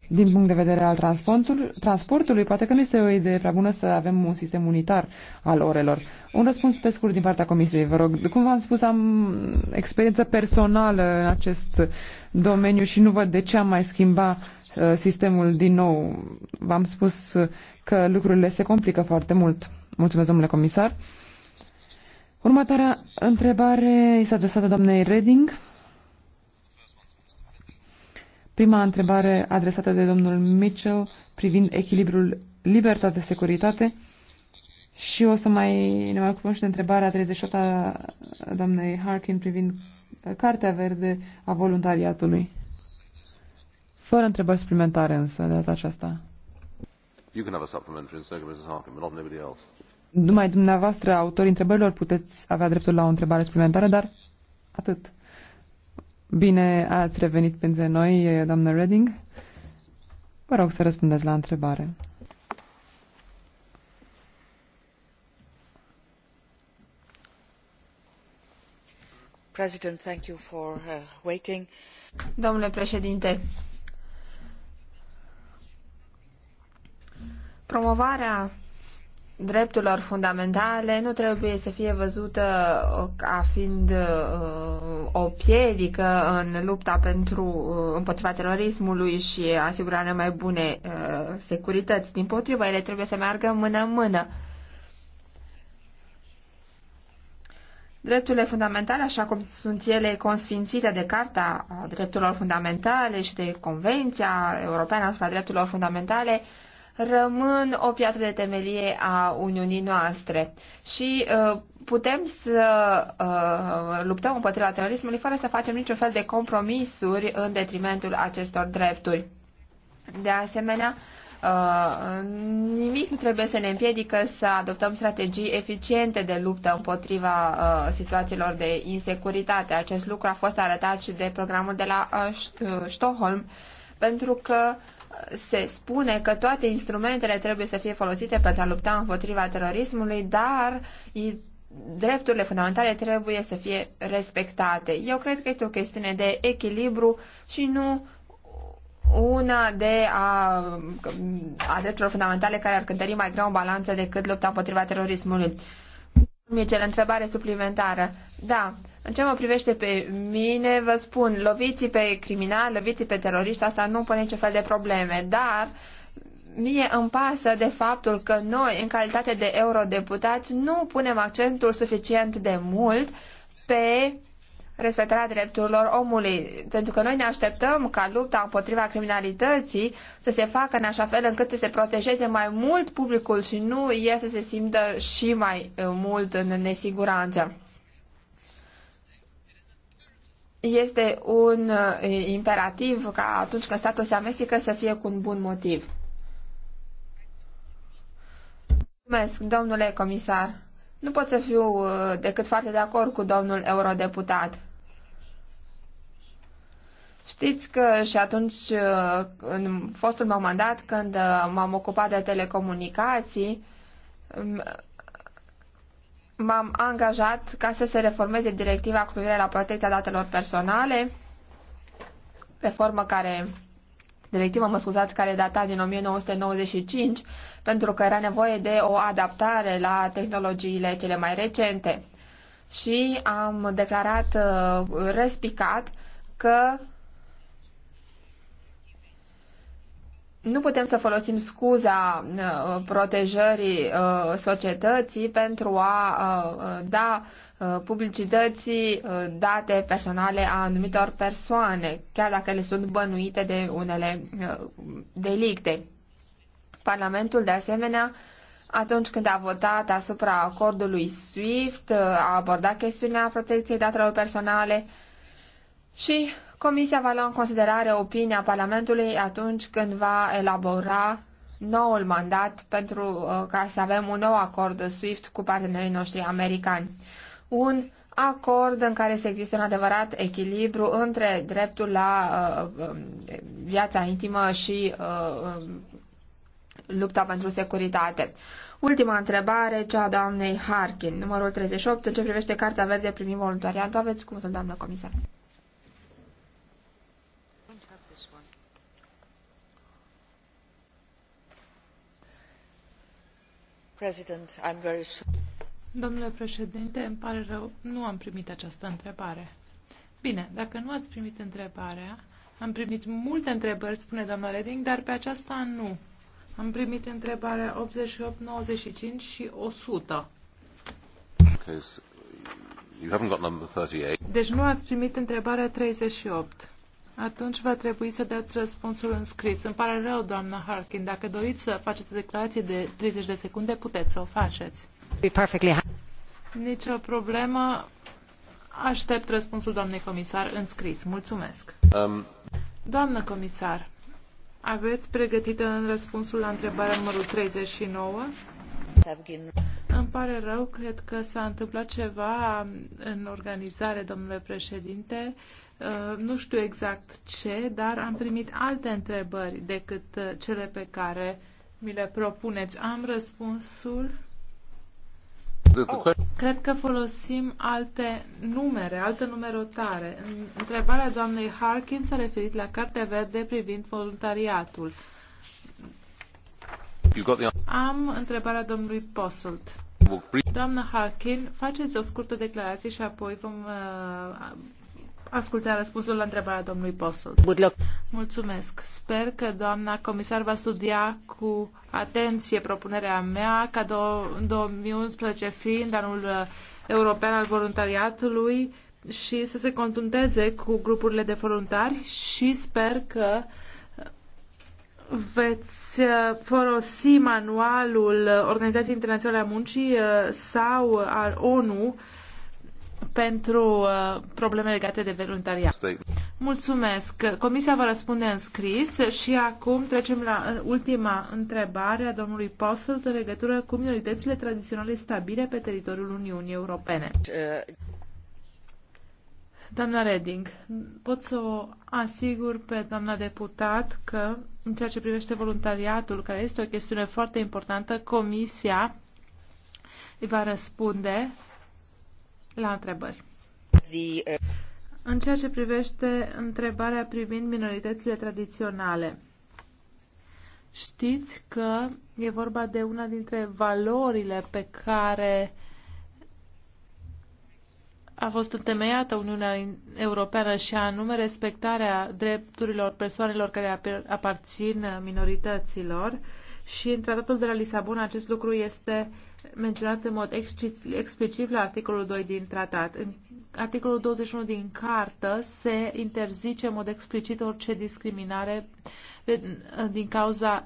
Speaker 3: Din punct de vedere al transportului, transportului, poate că nu este o idee prea bună să avem un sistem unitar al orelor. Un răspuns pe scurt din partea Comisiei, vă rog. Cum v-am spus, am experiență personală în acest domeniu și nu văd de ce am mai schimba uh, sistemul din nou. V-am spus uh, că lucrurile se complică foarte mult. Mulțumesc, domnule comisar. Următoarea întrebare este adresată doamnei Reding. Prima întrebare adresată de domnul Mitchell privind echilibrul libertate-securitate și o să mai ne mai ocupăm și de întrebarea 38 a doamnei Harkin privind Cartea Verde a voluntariatului. Fără întrebări suplimentare însă de data aceasta.
Speaker 2: You can have a supplementary in circumstances, Harkin, but not anybody else
Speaker 3: numai dumneavoastră, autorii întrebărilor, puteți avea dreptul la o întrebare suplimentară, dar atât. Bine ați revenit printre noi, doamnă Redding. Vă rog să răspundeți la întrebare.
Speaker 1: President, thank you for, uh, waiting. Domnule președinte, promovarea drepturilor fundamentale nu trebuie să fie văzută uh, ca fiind uh, o piedică în lupta pentru uh, împotriva terorismului și asigurarea mai bune securități. Din potrivă, ele trebuie să meargă mână-mână. Drepturile fundamentale, așa cum sunt ele consfințite de Carta Drepturilor Fundamentale și de Convenția Europeană asupra Drepturilor Fundamentale, uh, rămân o piatră de temelie a Uniunii noastre și uh, putem să uh, luptăm împotriva terorismului fără să facem niciun fel de compromisuri în detrimentul acestor drepturi. De asemenea, Uh, nimic nu trebuie să ne împiedică să adoptăm strategii eficiente de luptă împotriva uh, situațiilor de insecuritate. Acest lucru a fost arătat și de programul de la uh, Stockholm, pentru că uh, se spune că toate instrumentele trebuie să fie folosite pentru a lupta împotriva terorismului, dar drepturile fundamentale trebuie să fie respectate. Eu cred că este o chestiune de echilibru și nu una de a, a drepturilor fundamentale care ar cântări mai greu în balanță decât lupta împotriva terorismului. cel întrebare suplimentară. Da, în ce mă privește pe mine, vă spun, loviții pe criminali, loviții pe teroriști, asta nu pune niciun fel de probleme, dar mie îmi pasă de faptul că noi, în calitate de eurodeputați, nu punem accentul suficient de mult pe respectarea drepturilor omului, pentru că noi ne așteptăm ca lupta împotriva criminalității să se facă în așa fel încât să se protejeze mai mult publicul și nu el să se simtă și mai mult în nesiguranță este un uh, imperativ ca atunci când statul se amestecă să fie cu un bun motiv. Mulțumesc, domnule comisar. Nu pot să fiu uh, decât foarte de acord cu domnul eurodeputat. Știți că și atunci, uh, în fostul meu mandat, când m-am ocupat de telecomunicații, um, m-am angajat ca să se reformeze directiva cu privire la protecția datelor personale, reformă care directivă, mă scuzați, care data din 1995, pentru că era nevoie de o adaptare la tehnologiile cele mai recente. Și am declarat uh, răspicat că nu putem să folosim scuza uh, protejării uh, societății pentru a uh, da publicității date personale a anumitor persoane, chiar dacă le sunt bănuite de unele delicte. Parlamentul, de asemenea, atunci când a votat asupra acordului SWIFT, a abordat chestiunea protecției datelor personale și Comisia va lua în considerare opinia Parlamentului atunci când va elabora noul mandat pentru uh, ca să avem un nou acord SWIFT cu partenerii noștri americani. Un acord în care să existe un adevărat echilibru între dreptul la uh, um, viața intimă și uh, um, lupta pentru securitate. Ultima întrebare, cea a doamnei Harkin, numărul 38, în ce privește Cartea Verde privind voluntariatul. Aveți cuvântul, doamnă comisar.
Speaker 5: Domnule președinte, îmi pare rău, nu am primit această întrebare. Bine, dacă nu ați primit întrebarea, am primit multe întrebări, spune doamna Reding, dar pe aceasta nu. Am primit întrebarea 88, 95 și 100. Deci nu ați primit întrebarea 38. Atunci va trebui să dați răspunsul în scris. Îmi pare rău, doamna Harkin. Dacă doriți să faceți o declarație de 30 de secunde, puteți să o faceți. Nici o problemă. Aștept răspunsul doamnei comisar în scris. Mulțumesc. Um... Doamnă comisar, aveți pregătită în răspunsul la întrebarea numărul 39? Îmi pare rău, cred că s-a întâmplat ceva în organizare, domnule președinte. Uh, nu știu exact ce, dar am primit alte întrebări decât uh, cele pe care mi le propuneți. Am răspunsul. Oh. Cred că folosim alte numere, altă numerotare. Întrebarea doamnei Harkin s-a referit la Cartea Verde privind voluntariatul. The... Am întrebarea domnului Posselt. Doamna Harkin, faceți o scurtă declarație și apoi vom uh, Ascultă răspunsul la întrebarea domnului Postel. Mulțumesc. Sper că doamna comisar va studia cu atenție propunerea mea ca do- 2011 fiind anul uh, european al voluntariatului și să se contunteze cu grupurile de voluntari și sper că uh, veți uh, folosi manualul Organizației Internaționale a Muncii sau al ONU pentru uh, probleme legate de voluntariat. Mulțumesc. Comisia va răspunde în scris și acum trecem la uh, ultima întrebare a domnului Postel în legătură cu minoritățile tradiționale stabile pe teritoriul Uniunii Europene. Doamna Reding, pot să o asigur pe doamna deputat că în ceea ce privește voluntariatul, care este o chestiune foarte importantă, Comisia îi va răspunde la întrebări. În ceea ce privește întrebarea privind minoritățile tradiționale, știți că e vorba de una dintre valorile pe care a fost întemeiată Uniunea Europeană și anume respectarea drepturilor persoanelor care aparțin minorităților și în tratatul de la Lisabona acest lucru este uh, menționat în mod explicit la articolul 2 din tratat. În articolul 21 din cartă se interzice în mod explicit orice discriminare din cauza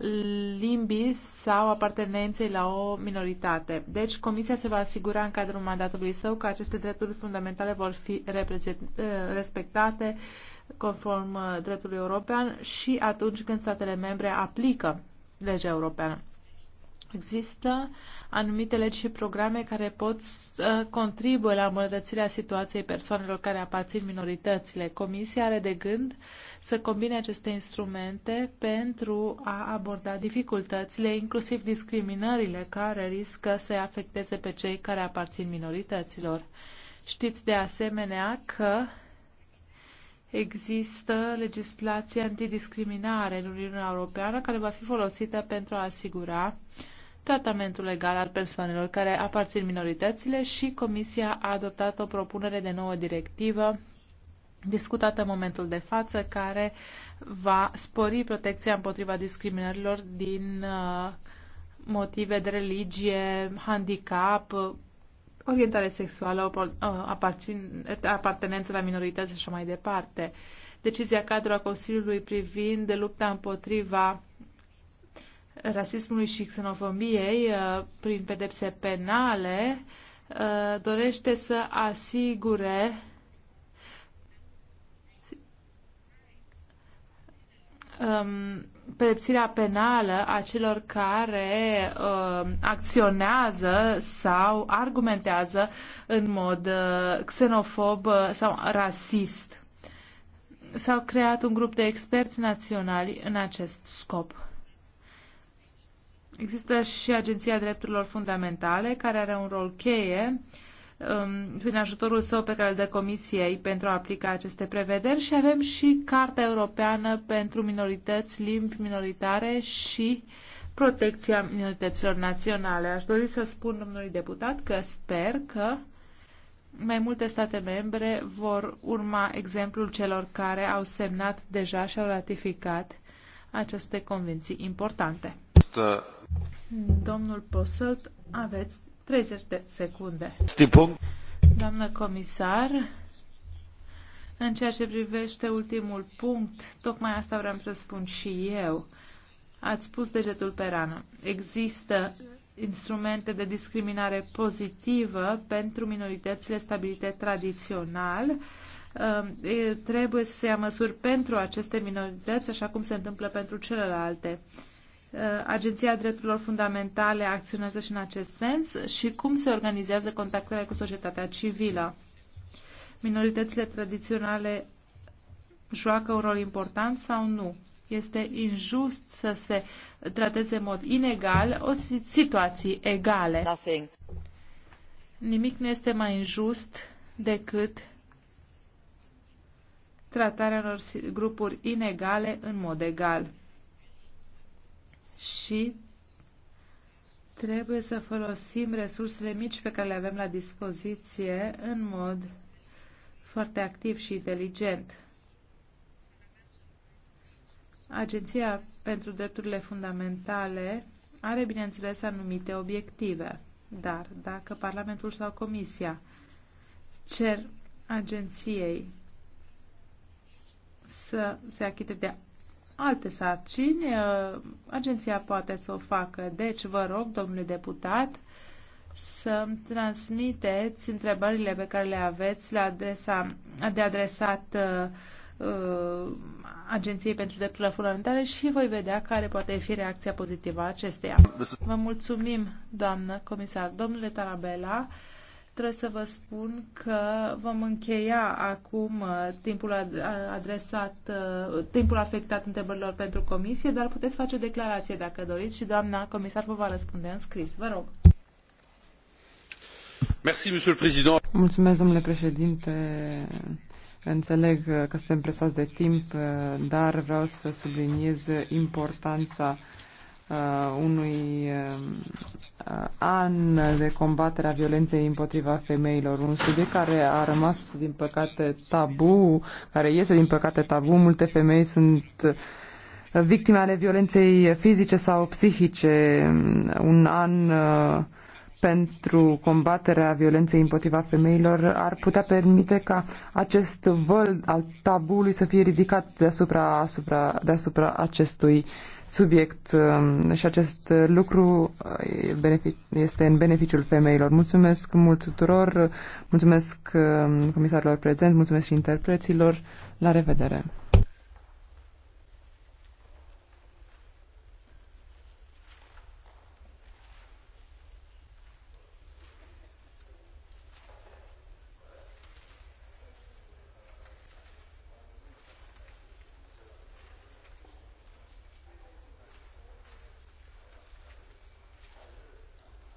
Speaker 5: limbii sau apartenenței la o minoritate. Deci, Comisia se va asigura în cadrul mandatului său că aceste drepturi fundamentale vor fi eh, respectate conform eh, dreptului european și atunci când statele membre aplică legea europeană. Există anumite legi și programe care pot să contribuie la îmbunătățirea situației persoanelor care aparțin minoritățile. Comisia are de gând să combine aceste instrumente pentru a aborda dificultățile, inclusiv discriminările care riscă să afecteze pe cei care aparțin minorităților. Știți de asemenea că există legislație antidiscriminare în Uniunea Europeană care va fi folosită pentru a asigura uh, tratamentul legal al persoanelor care aparțin minoritățile și Comisia a adoptat o propunere de nouă directivă discutată în momentul de față, care va spori protecția împotriva discriminărilor din uh, motive de religie, handicap, orientare sexuală, uh, aparțin, apartenență la minorități și așa mai departe. Decizia cadru a Consiliului privind de lupta împotriva rasismului și xenofobiei uh, prin pedepse penale uh, dorește să asigure um, pedepsirea penală a celor care uh, acționează sau argumentează în mod xenofob sau rasist. S-au creat un grup de experți naționali în acest scop. Există și Agenția Drepturilor Fundamentale, care are un rol cheie um, prin ajutorul său pe care îl dă Comisiei pentru a aplica aceste prevederi și avem și Carta Europeană pentru Minorități, Limbi Minoritare și protecția minorităților naționale. Aș dori să spun domnului deputat că sper că mai multe state membre vor urma exemplul celor care au semnat deja și au ratificat aceste convenții importante. Uh, Domnul Posălt, aveți 30 de secunde. Stipun. Doamnă comisar, în ceea ce privește ultimul punct, tocmai asta vreau să spun și eu. Ați spus degetul pe rană. Există instrumente de discriminare pozitivă pentru minoritățile stabilite tradițional. Um, trebuie să se ia măsuri pentru aceste minorități, așa cum se întâmplă pentru celelalte Uh, Agenția Drepturilor Fundamentale acționează și în acest sens și cum se organizează contactele cu societatea civilă. Minoritățile tradiționale joacă un rol important sau nu? Este injust să se trateze în mod inegal o situații egale. Nothing. Nimic nu este mai injust decât tratarea unor grupuri inegale în mod egal și trebuie să folosim resursele mici pe care le avem la dispoziție în mod foarte activ și inteligent. Agenția pentru Drepturile Fundamentale are, bineînțeles, anumite obiective, dar dacă Parlamentul sau Comisia cer agenției să se achite de alte sarcini, uh, agenția poate să o facă. Deci, vă rog, domnule deputat, să transmiteți întrebările pe care le aveți la adresa de adresat uh, uh, Agenției pentru Drepturile Fundamentale și voi vedea care poate fi reacția pozitivă a acesteia. Vă mulțumim, doamnă comisar. Domnule Tarabela, trebuie să vă spun că vom încheia acum uh, timpul uh, adresat, uh, timpul afectat întrebărilor pentru comisie, dar puteți face o declarație dacă doriți și doamna comisar vă va răspunde în scris. Vă rog.
Speaker 2: Merci, monsieur le président.
Speaker 3: Mulțumesc, domnule președinte. Înțeleg că suntem presați de timp, dar vreau să subliniez importanța uh, uh, unui uh, an de combatere a violenței împotriva femeilor, un subiect care a rămas, din păcate, tabu, care iese, din păcate, tabu. Multe femei sunt uh, victime ale violenței fizice sau psihice. Un an uh, pentru combaterea violenței împotriva femeilor ar putea permite ca acest văl al tabului să fie ridicat deasupra, asupra, deasupra acestui uh, subiect um, și acest lucru uh, este în beneficiul femeilor. Mulțumesc mult tuturor, mulțumesc um, comisarilor prezenți, mulțumesc și interpreților. La revedere!